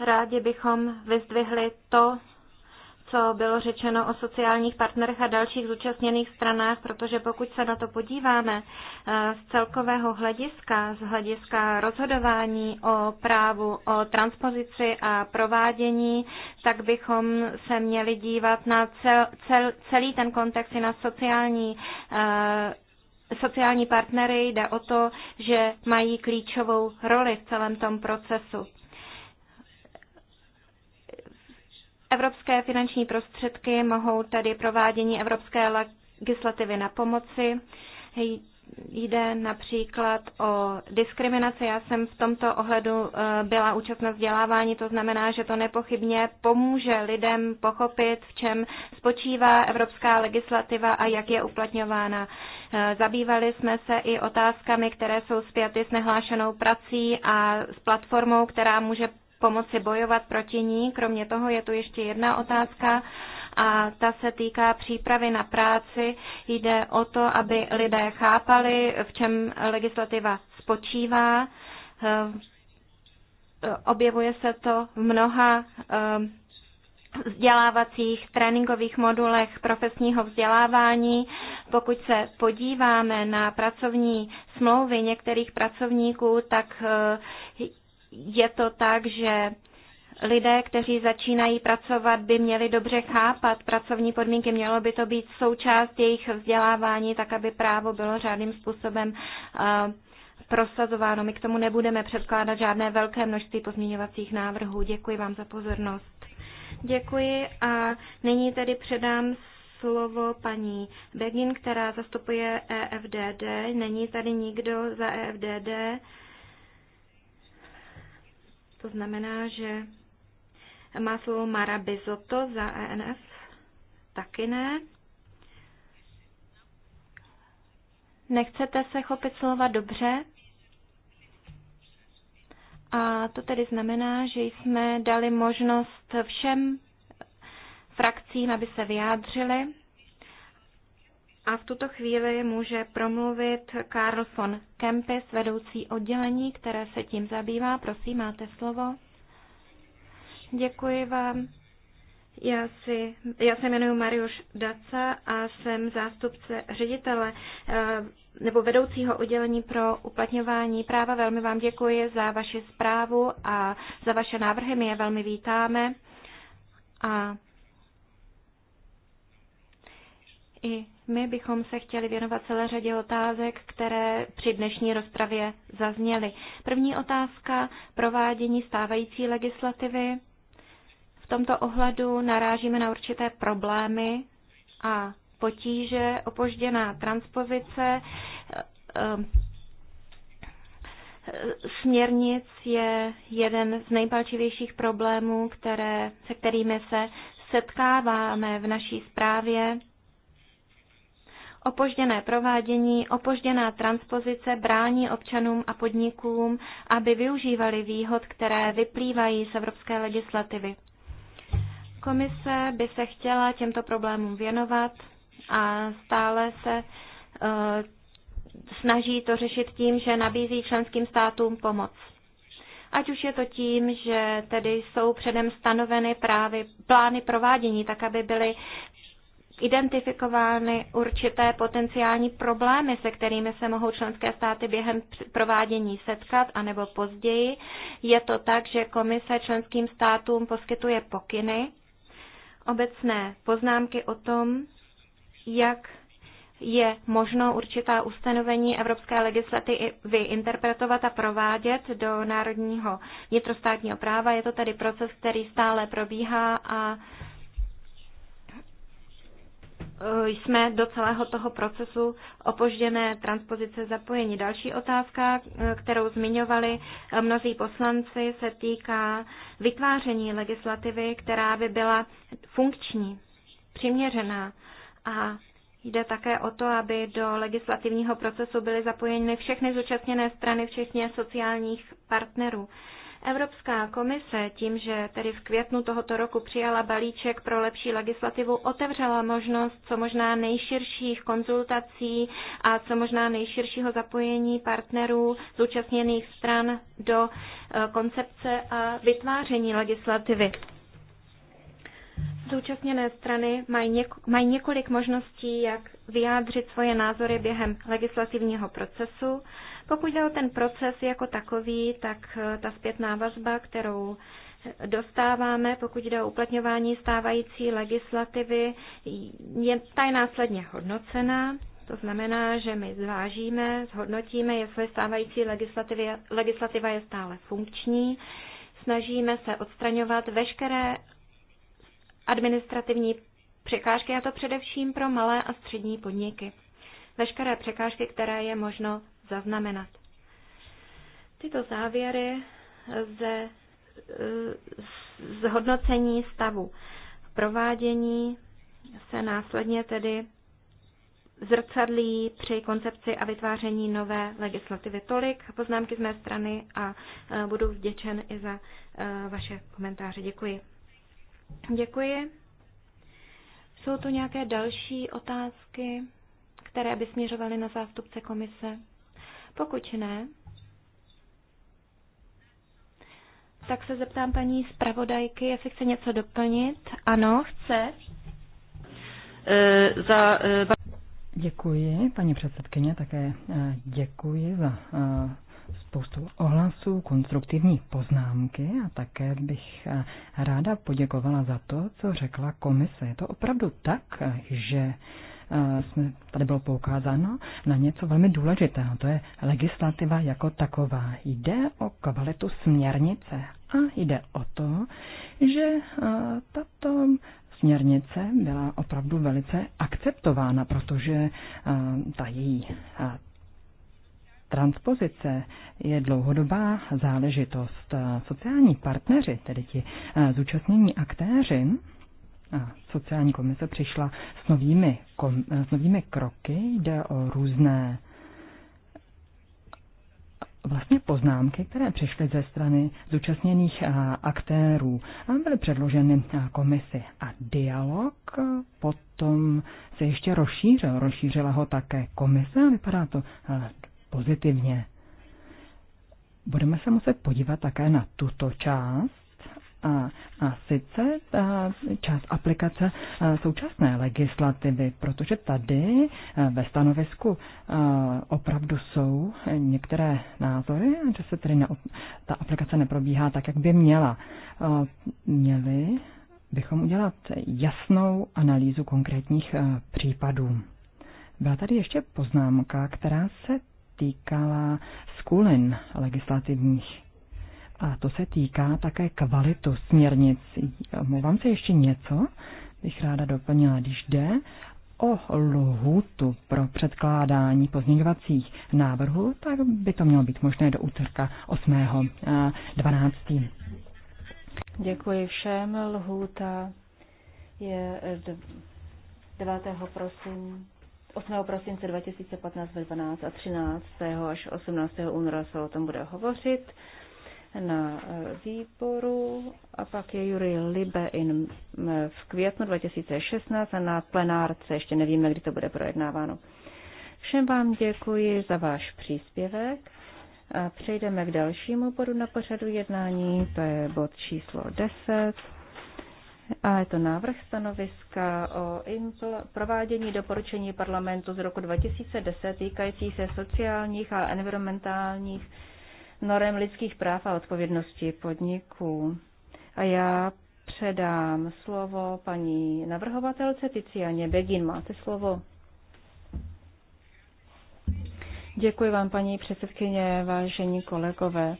D: Rádi bychom vyzdvihli to, co bylo řečeno o sociálních partnerech a dalších zúčastněných stranách, protože pokud se na to podíváme eh, z celkového hlediska, z hlediska rozhodování o právu, o transpozici a provádění, tak bychom se měli dívat na cel, cel, celý ten kontext i na sociální eh, sociální partnery jde o to, že mají klíčovou roli v celém tom procesu. Evropské finanční prostředky mohou tedy provádění evropské legislativy na pomoci. Jde například o diskriminaci. Já jsem v tomto ohledu eh, byla účastna vzdělávání, to znamená, že to nepochybně pomůže lidem pochopit, v čem spočívá evropská legislativa a jak je uplatňována. Eh, zabývali jsme se i otázkami, které jsou zpěty s nehlášenou prací a s platformou, která může pomoci bojovat proti ní. Kromě toho je tu ještě jedna otázka a ta se týká přípravy na práci. Jde o to, aby lidé chápali, v čem legislativa spočívá. Eh, objevuje se to v mnoha eh, vzdělávacích tréninkových modulech profesního vzdělávání. Pokud se podíváme na pracovní smlouvy některých pracovníků, tak eh, je to tak, že lidé, kteří začínají pracovat, by měli dobře chápat pracovní podmínky. Mělo by to být součást jejich vzdělávání, tak aby právo bylo řádným způsobem eh, prosazováno. My k tomu nebudeme předkládat žádné velké množství pozměňovacích návrhů. Děkuji vám za pozornost. Děkuji a nyní tedy předám slovo paní Begin, která zastupuje EFDD. Není tady nikdo za EFDD. To znamená, že má slovo Mara Bizoto za ENF? Taky ne. Nechcete se chopit slova dobře? A to tedy znamená, že jsme dali možnost všem frakcím, aby se vyjádřili. A v tuto chvíli může promluvit Karl von Kempis, vedoucí oddělení, které se tím zabývá. Prosím, máte slovo. Děkuji vám. Já, si, já se jmenuji Mariuš Daca a jsem zástupce ředitele eh, nebo vedoucího oddělení pro uplatňování práva. Velmi vám děkuji za vaši zprávu a za vaše návrhy. My je velmi vítáme. A i my bychom se chtěli věnovat celé řadě otázek, které při dnešní rozpravě zazněly. První otázka provádění stávající legislativy. V tomto ohledu narážíme na určité problémy a potíže, opožděná transpozice eh, eh, směrnic je jeden z nejpalčivějších problémů, které, se kterými se setkáváme v naší zprávě. Opožděné provádění, opožděná transpozice brání občanům a podnikům, aby využívali výhod, které vyplývají z evropské legislativy. Komise by se chtěla těmto problémům věnovat a stále se eh, snaží to řešit tím, že nabízí členským státům pomoc. Ať už je to tím, že tedy jsou předem stanoveny právě plány provádění, tak aby byly identifikovány určité potenciální problémy, se kterými se mohou členské státy během provádění setkat, anebo později. Je to tak, že komise členským státům poskytuje pokyny, obecné poznámky o tom, jak je možno určitá ustanovení evropské legislativy interpretovat a provádět do národního vnitrostátního práva. Je to tedy proces, který stále probíhá a Eh, jsme do celého toho procesu opožděné transpozice zapojeni. Další otázka, eh, kterou zmiňovali eh, mnozí poslanci, se týká vytváření legislativy, která by byla funkční, přiměřená a Jde také o to, aby do legislativního procesu byly zapojeny všechny zúčastněné strany, včetně sociálních partnerů. Evropská komise tím, že tedy v květnu tohoto roku přijala balíček pro lepší legislativu, otevřela možnost co možná nejširších konzultací a co možná nejširšího zapojení partnerů zúčastněných stran do eh, koncepce a vytváření legislativy. Zúčastněné strany mají, něko, mají několik možností, jak vyjádřit svoje názory během legislativního procesu. Pokud jde o ten proces jako takový, tak eh, ta zpětná vazba, kterou dostáváme, pokud jde o uplatňování stávající legislativy, je, ta je následně hodnocena. To znamená, že my zvážíme, zhodnotíme, jestli stávající legislativa je stále funkční. Snažíme se odstraňovat veškeré administrativní překážky, a to především pro malé a střední podniky. Veškeré překážky, které je možno zaznamenat. Tyto závěry ze zhodnocení stavu provádění se následně tedy zrcadlí při koncepci a vytváření nové legislativy. Tolik poznámky z mé strany a e, budu vděčen i za e, vaše komentáře. Děkuji. Děkuji. Jsou tu nějaké další otázky, které by směřovaly na zástupce komise? Pokud ne, tak se zeptám paní zpravodajky, jestli chce něco doplnit. Ano, chce. E,
A: za, e, Děkuji, paní předsedkyně, také eh, děkuji za spoustu ohlasů, konstruktivní poznámky a také bych ráda poděkovala za to, co řekla komise. Je to opravdu tak, že Eh, jsme, tady bylo poukázáno na něco velmi důležitého, to je legislativa jako taková. Jde o kvalitu směrnice a jde o to, že eh, tato směrnice byla opravdu velice akceptována, protože eh, ta její Transpozice je dlouhodobá záležitost. Sociální partneři, tedy ti zúčastnění aktéři, sociální komise přišla s novými, kom, s novými kroky. Jde o různé vlastně poznámky, které přišly ze strany zúčastněných aktérů a byly předloženy komisi. A dialog potom se ještě rozšířil. Rozšířila ho také komise a vypadá to pozitivně. Budeme se muset podívat také na tuto část a, a sice ta část aplikace současné legislativy, protože tady ve stanovisku opravdu jsou některé názory, že se tedy ne, ta aplikace neprobíhá tak, jak by měla. měli bychom udělat jasnou analýzu konkrétních případů. Byla tady ještě poznámka, která se týkala skulin legislativních a to se týká také kvalitu směrnic. Mluvám se ještě něco, bych ráda doplnila, když jde o lhutu pro předkládání pozměňovacích návrhů, tak by to mělo být možné do úterka 8.12. Eh,
B: Děkuji všem. Lhůta je 9. Eh, prosince. 8. prosince 2015 ve 12 a 13. až 18. února se o tom bude hovořit na eh, výboru a pak je Jury Libe in, eh, v květnu 2016 a na plenárce ještě nevíme, kdy to bude projednáváno. Všem vám děkuji za váš příspěvek a přejdeme k dalšímu bodu na pořadu jednání, to je bod číslo 10 a je to návrh stanoviska o provádění doporučení parlamentu z roku 2010 týkající se sociálních a environmentálních norem lidských práv a odpovědnosti podniků. A já předám slovo paní navrhovatelce Ticianě Begin. Máte slovo. Děkuji vám, paní předsedkyně, vážení kolegové.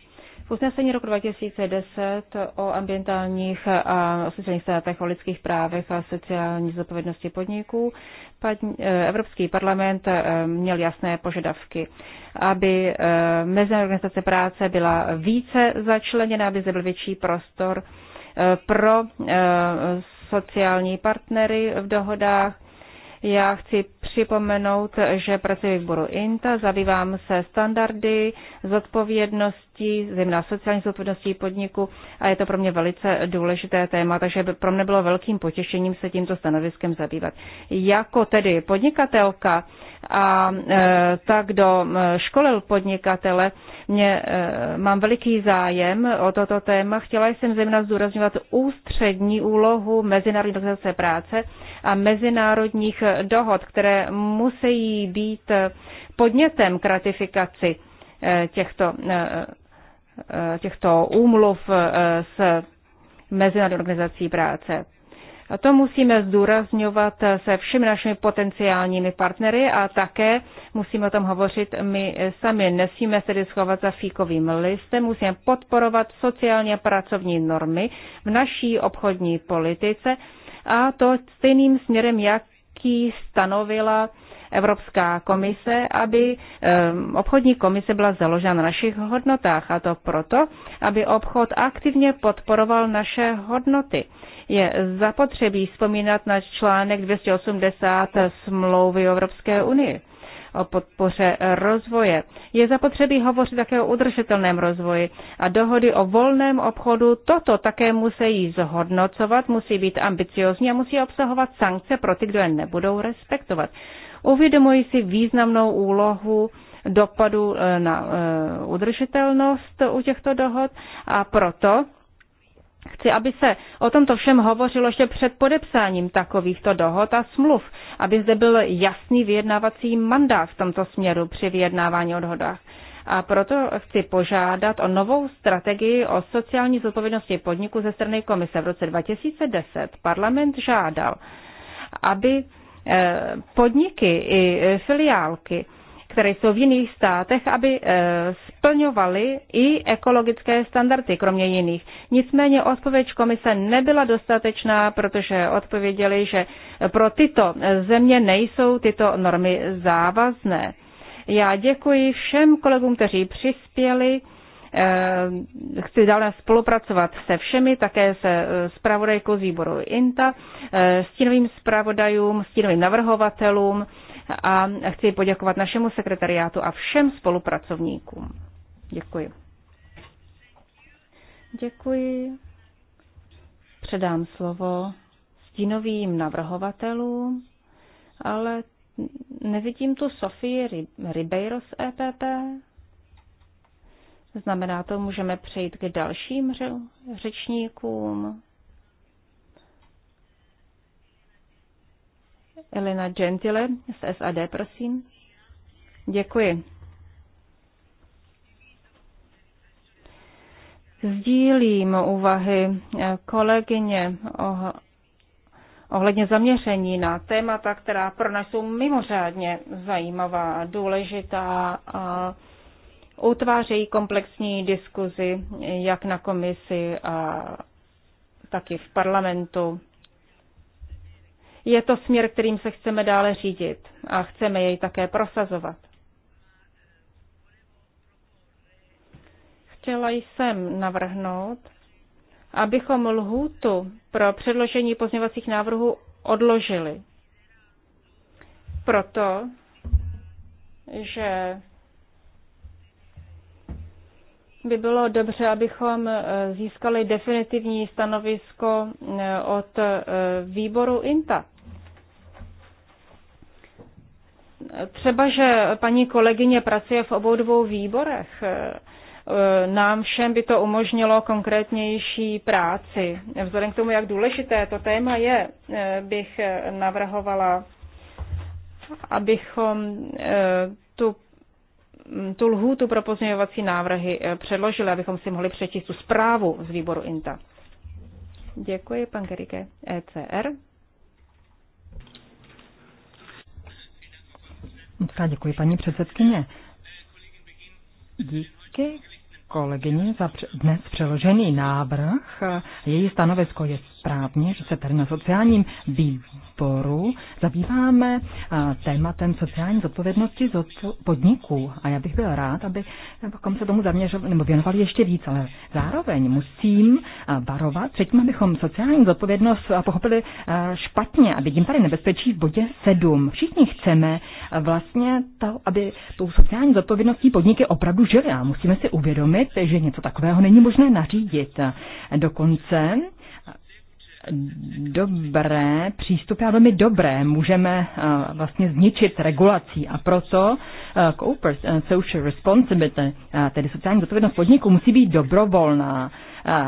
B: V usnesení roku 2010 o ambientálních a sociálních státech, o lidských právech a sociální zodpovědnosti podniků Evropský parlament eh, měl jasné požadavky, aby eh, Mezinárodní organizace práce byla více začleněna, aby zde byl větší prostor eh, pro sociální partnery v dohodách. Já chci připomenout, že pracuji v Boru INTA, zabývám se standardy, zodpovědnosti zodpovědností, zejména sociální zodpovědností podniku a je to pro mě velice důležité téma, takže pro mě bylo velkým potěšením se tímto stanoviskem zabývat. Jako tedy podnikatelka a e, tak, kdo e, školil podnikatele, mě, e, mám veliký zájem o toto téma. Chtěla jsem zejména zdůrazňovat ústřední úlohu Mezinárodní organizace práce a mezinárodních dohod, které musí být podnětem k ratifikaci e, těchto e, Eh, těchto úmluv eh, s Mezinárodní organizací práce. A to musíme zdůrazňovat se všemi našimi potenciálními partnery a také musíme o tom hovořit my sami. Nesmíme se diskovat za fíkovým listem, musíme podporovat sociálně pracovní normy v naší obchodní politice a to stejným směrem, jaký stanovila Evropská komise, aby obchodní komise byla založena na našich hodnotách a to proto, aby obchod aktivně podporoval naše hodnoty. Je zapotřebí vzpomínat na článek 280 smlouvy Evropské unie o podpoře rozvoje. Je zapotřebí hovořit také o udržitelném rozvoji a dohody o volném obchodu toto také musí zhodnocovat, musí být ambiciozní a musí obsahovat sankce pro ty, kdo je nebudou respektovat. Uvědomuji si významnou úlohu dopadu e, na e, udržitelnost u těchto dohod a proto Chci, aby se o tomto všem hovořilo ještě před podepsáním takovýchto dohod a smluv, aby zde byl jasný vyjednávací mandát v tomto směru při vyjednávání o dohodách. A proto chci požádat o novou strategii o sociální zodpovědnosti podniku ze strany komise. V roce 2010 parlament žádal, aby Eh, podniky i eh, filiálky, které jsou v jiných státech, aby eh, splňovaly i ekologické standardy, kromě jiných. Nicméně odpověď komise nebyla dostatečná, protože odpověděli, že pro tyto země nejsou tyto normy závazné. Já děkuji všem kolegům, kteří přispěli Eh, chci dále spolupracovat se všemi, také se eh, zpravodajkou z výboru INTA, eh, stínovým zpravodajům, stínovým navrhovatelům a chci poděkovat našemu sekretariátu a všem spolupracovníkům. Děkuji. Děkuji. Předám slovo stínovým navrhovatelům, ale nevidím tu Sofii Ribeiro z EPP. Znamená to, můžeme přejít k dalším řečníkům. Elena Gentile z SAD, prosím. Děkuji. Sdílím úvahy eh, kolegyně ohledně zaměření na témata, která pro nás jsou mimořádně zajímavá, důležitá a utvářejí komplexní diskuzi jak na komisi, a tak i v parlamentu. Je to směr, kterým se chceme dále řídit a chceme jej také prosazovat. Chtěla jsem navrhnout, abychom lhůtu pro předložení pozměňovacích návrhů odložili. Proto, že by bylo dobře, abychom eh, získali definitivní stanovisko eh, od eh, výboru INTA. Třeba, že paní kolegyně pracuje v obou dvou výborech, nám všem by to umožnilo konkrétnější práci. Vzhledem k tomu, jak důležité to téma je, bych navrhovala, abychom tu Mm, tu lhůtu pro pozměňovací návrhy eh, předložili, abychom si mohli přečíst tu zprávu z výboru INTA. Děkuji, pan Gerike, ECR.
A: děkuji, paní předsedkyně. Díky kolegyně za dnes přeložený návrh. Její stanovisko je správně, že se tady na sociálním výboru zabýváme tématem sociální zodpovědnosti z podniků. A já bych byl rád, aby abychom se tomu zaměřovali, nebo věnovali ještě víc, ale zároveň musím varovat, předtím, abychom sociální zodpovědnost pochopili špatně, a vidím tady nebezpečí v bodě 7. Všichni chceme vlastně to, aby tou sociální zodpovědností podniky opravdu žili, a musíme si uvědomit, že něco takového není možné nařídit. Dokonce dobré přístupy a velmi dobré můžeme eh, vlastně zničit regulací a proto eh, corporate social responsibility, eh, tedy sociální zodpovědnost podniku, musí být dobrovolná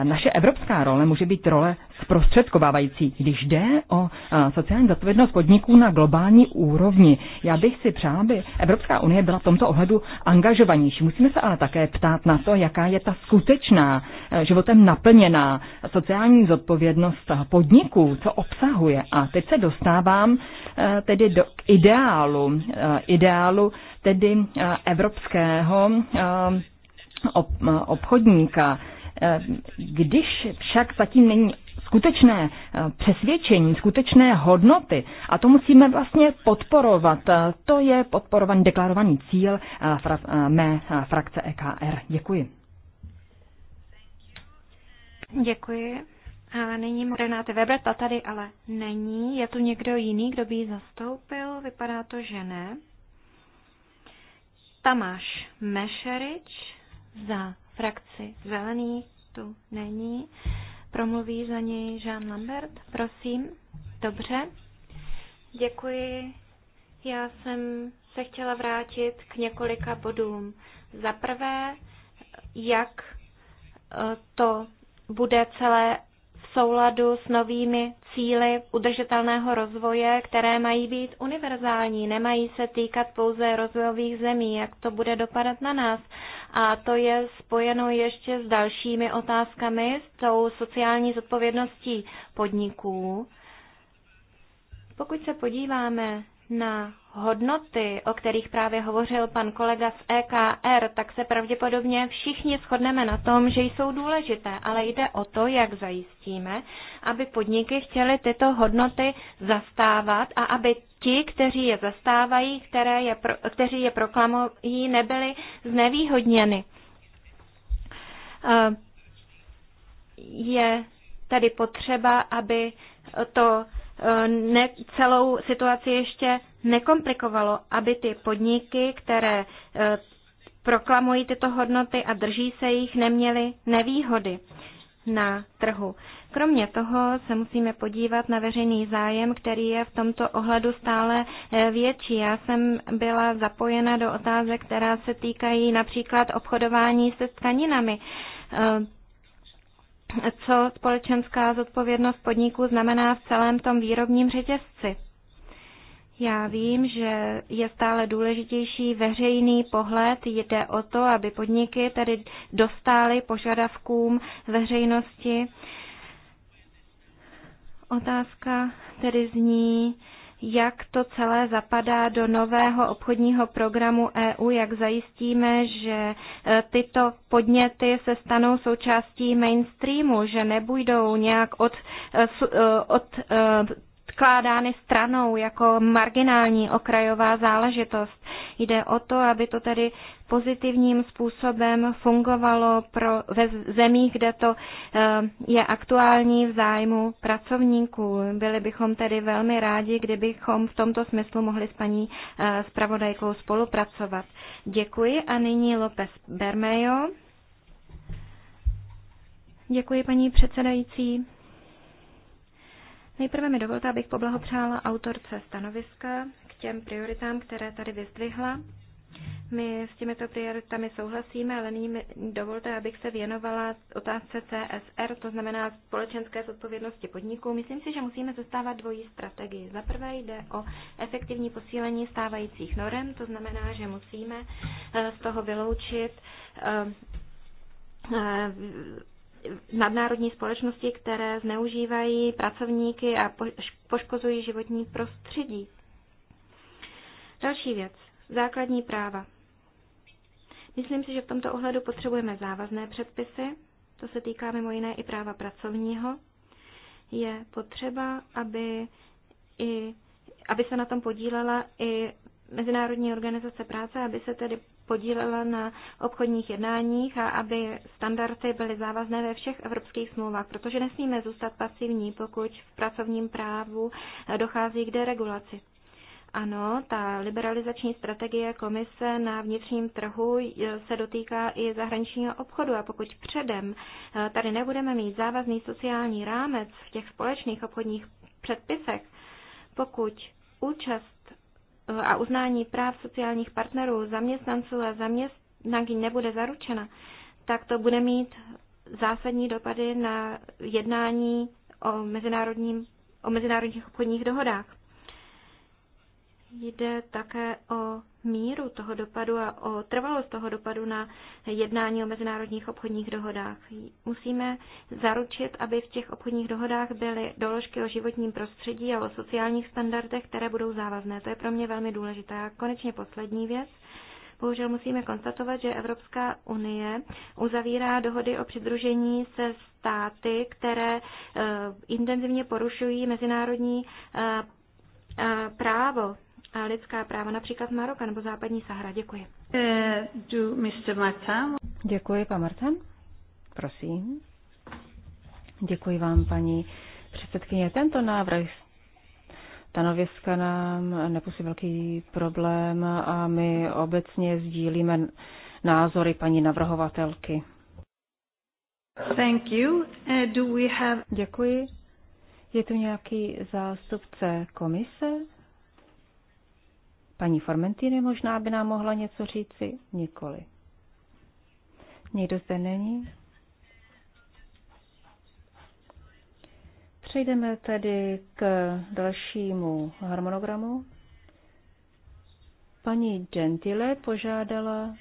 A: naše evropská role může být role zprostředkovávající, když jde o sociální zodpovědnost podniků na globální úrovni. Já bych si přála, aby Evropská unie byla v tomto ohledu angažovanější. Musíme se ale také ptát na to, jaká je ta skutečná, e, životem naplněná sociální zodpovědnost podniků, co obsahuje. A teď se dostávám e, tedy do k ideálu, e, ideálu tedy evropského obchodníka. Eh, když však zatím není skutečné eh, přesvědčení, skutečné hodnoty a to musíme vlastně podporovat. Eh, to je podporovaný, deklarovaný cíl mé frakce EKR. Děkuji.
D: Děkuji. A nyní Renáty Weber, ta tady ale není. Je tu někdo jiný, kdo by ji zastoupil? Vypadá to, že ne. Tamáš Mešerič za frakci zelených tu není. Promluví za něj Jean Lambert, prosím. Dobře. Děkuji. Já jsem se chtěla vrátit k několika bodům. Za prvé, jak e, to bude celé v souladu s novými cíly udržitelného rozvoje, které mají být univerzální, nemají se týkat pouze rozvojových zemí, jak to bude dopadat na nás a to je spojeno ještě s dalšími otázkami, s tou sociální zodpovědností podniků. Pokud se podíváme na hodnoty, o kterých právě hovořil pan kolega z EKR, tak se pravděpodobně všichni shodneme na tom, že jsou důležité, ale jde o to, jak zajistíme, aby podniky chtěly tyto hodnoty zastávat a aby ti, kteří je zastávají, které je pro, kteří je proklamují, nebyli znevýhodněny. Eh, je tedy potřeba, aby to Eh, ne, celou situaci ještě nekomplikovalo, aby ty podniky, které eh, proklamují tyto hodnoty a drží se jich, neměly nevýhody na trhu. Kromě toho se musíme podívat na veřejný zájem, který je v tomto ohledu stále eh, větší. Já jsem byla zapojena do otázek, která se týkají například obchodování se tkaninami co společenská zodpovědnost podniků znamená v celém tom výrobním řetězci. Já vím, že je stále důležitější veřejný pohled. Jde o to, aby podniky tedy dostály požadavkům veřejnosti. Otázka tedy zní, jak to celé zapadá do nového obchodního programu EU, jak zajistíme, že e, tyto podněty se stanou součástí mainstreamu, že nebudou nějak od, e, e, od odkládány stranou jako marginální okrajová záležitost. Jde o to, aby to tedy pozitivním způsobem fungovalo pro, ve zemích, kde to eh, je aktuální v zájmu pracovníků. Byli bychom tedy velmi rádi, kdybychom v tomto smyslu mohli s paní spravodajkou eh, spolupracovat. Děkuji a nyní López Bermejo. Děkuji, paní předsedající. Nejprve mi dovolte, abych poblahopřála autorce stanoviska k těm prioritám, které tady vyzdvihla. My s těmito prioritami souhlasíme, ale nyní mi dovolte, abych se věnovala otázce CSR, to znamená společenské zodpovědnosti podniků. Myslím si, že musíme zastávat dvojí strategii. Za prvé jde o efektivní posílení stávajících norem, to znamená, že musíme eh, z toho vyloučit eh, eh, nadnárodní společnosti, které zneužívají pracovníky a poškozují životní prostředí. Další věc. Základní práva. Myslím si, že v tomto ohledu potřebujeme závazné předpisy. To se týká mimo jiné i práva pracovního. Je potřeba, aby, i, aby se na tom podílela i Mezinárodní organizace práce, aby se tedy podílela na obchodních jednáních a aby standardy byly závazné ve všech evropských smlouvách, protože nesmíme zůstat pasivní, pokud v pracovním právu dochází k deregulaci. Ano, ta liberalizační strategie komise na vnitřním trhu se dotýká i zahraničního obchodu a pokud předem eh, tady nebudeme mít závazný sociální rámec v těch společných obchodních předpisech, pokud účast a uznání práv sociálních partnerů, zaměstnanců a zaměstnanky nebude zaručena, tak to bude mít zásadní dopady na jednání o, mezinárodním, o mezinárodních obchodních dohodách. Jde také o míru toho dopadu a o trvalost toho dopadu na jednání o mezinárodních obchodních dohodách. Musíme zaručit, aby v těch obchodních dohodách byly doložky o životním prostředí a o sociálních standardech, které budou závazné. To je pro mě velmi důležité. A konečně poslední věc. Bohužel musíme konstatovat, že Evropská unie uzavírá dohody o přidružení se státy, které eh, intenzivně porušují mezinárodní eh, eh, právo lidská práva, například Maroka nebo Západní Sahara. Děkuji.
C: Eh, do Mr. Martin.
B: Děkuji, pan Martin. Prosím. Děkuji vám, paní předsedkyně. Tento návrh stanoviska nám nepůsobí velký problém a my obecně sdílíme názory paní navrhovatelky. Thank you. Eh, do we have... Děkuji. Je tu nějaký zástupce komise? Paní Formentiny možná by nám mohla něco říci? Nikoli. Nikdo zde není? Přejdeme tedy k dalšímu harmonogramu. Paní Gentile požádala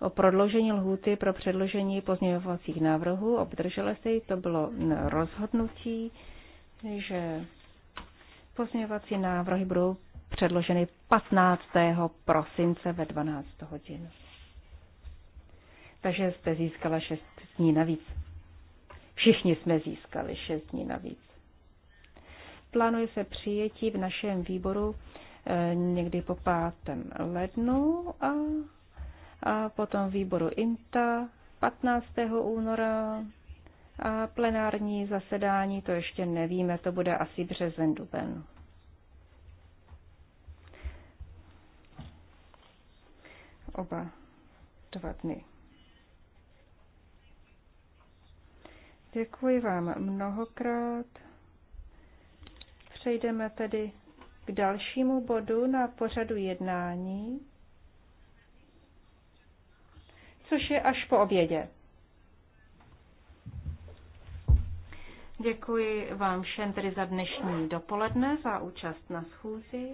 B: o prodloužení lhůty pro předložení pozměňovacích návrhů. Obdržela se jí, to bylo rozhodnutí, že pozměňovací návrhy budou předloženy 15. prosince ve 12 hodin. Takže jste získala 6 dní navíc. Všichni jsme získali 6 dní navíc. Plánuje se přijetí v našem výboru eh, někdy po 5. lednu a, a potom výboru INTA 15. února a plenární zasedání, to ještě nevíme, to bude asi březen, duben. oba dva dny. Děkuji vám mnohokrát. Přejdeme tedy k dalšímu bodu na pořadu jednání, což je až po obědě. Děkuji vám všem tedy za dnešní dopoledne, za účast na schůzi.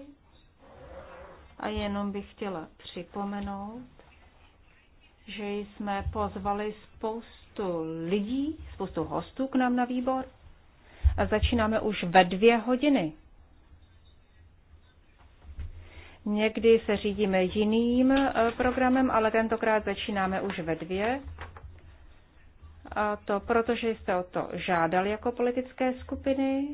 B: A jenom bych chtěla připomenout, že jsme pozvali spoustu lidí, spoustu hostů k nám na výbor a začínáme už ve dvě hodiny. Někdy se řídíme jiným eh, programem, ale tentokrát začínáme už ve dvě. A to proto, že jste o to žádali jako politické skupiny.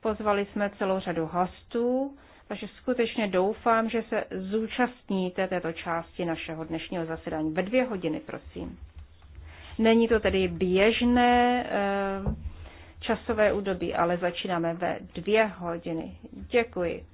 B: Pozvali jsme celou řadu hostů. Takže skutečně doufám, že se zúčastníte této části našeho dnešního zasedání. Ve dvě hodiny, prosím. Není to tedy běžné eh, časové údobí, ale začínáme ve dvě hodiny. Děkuji.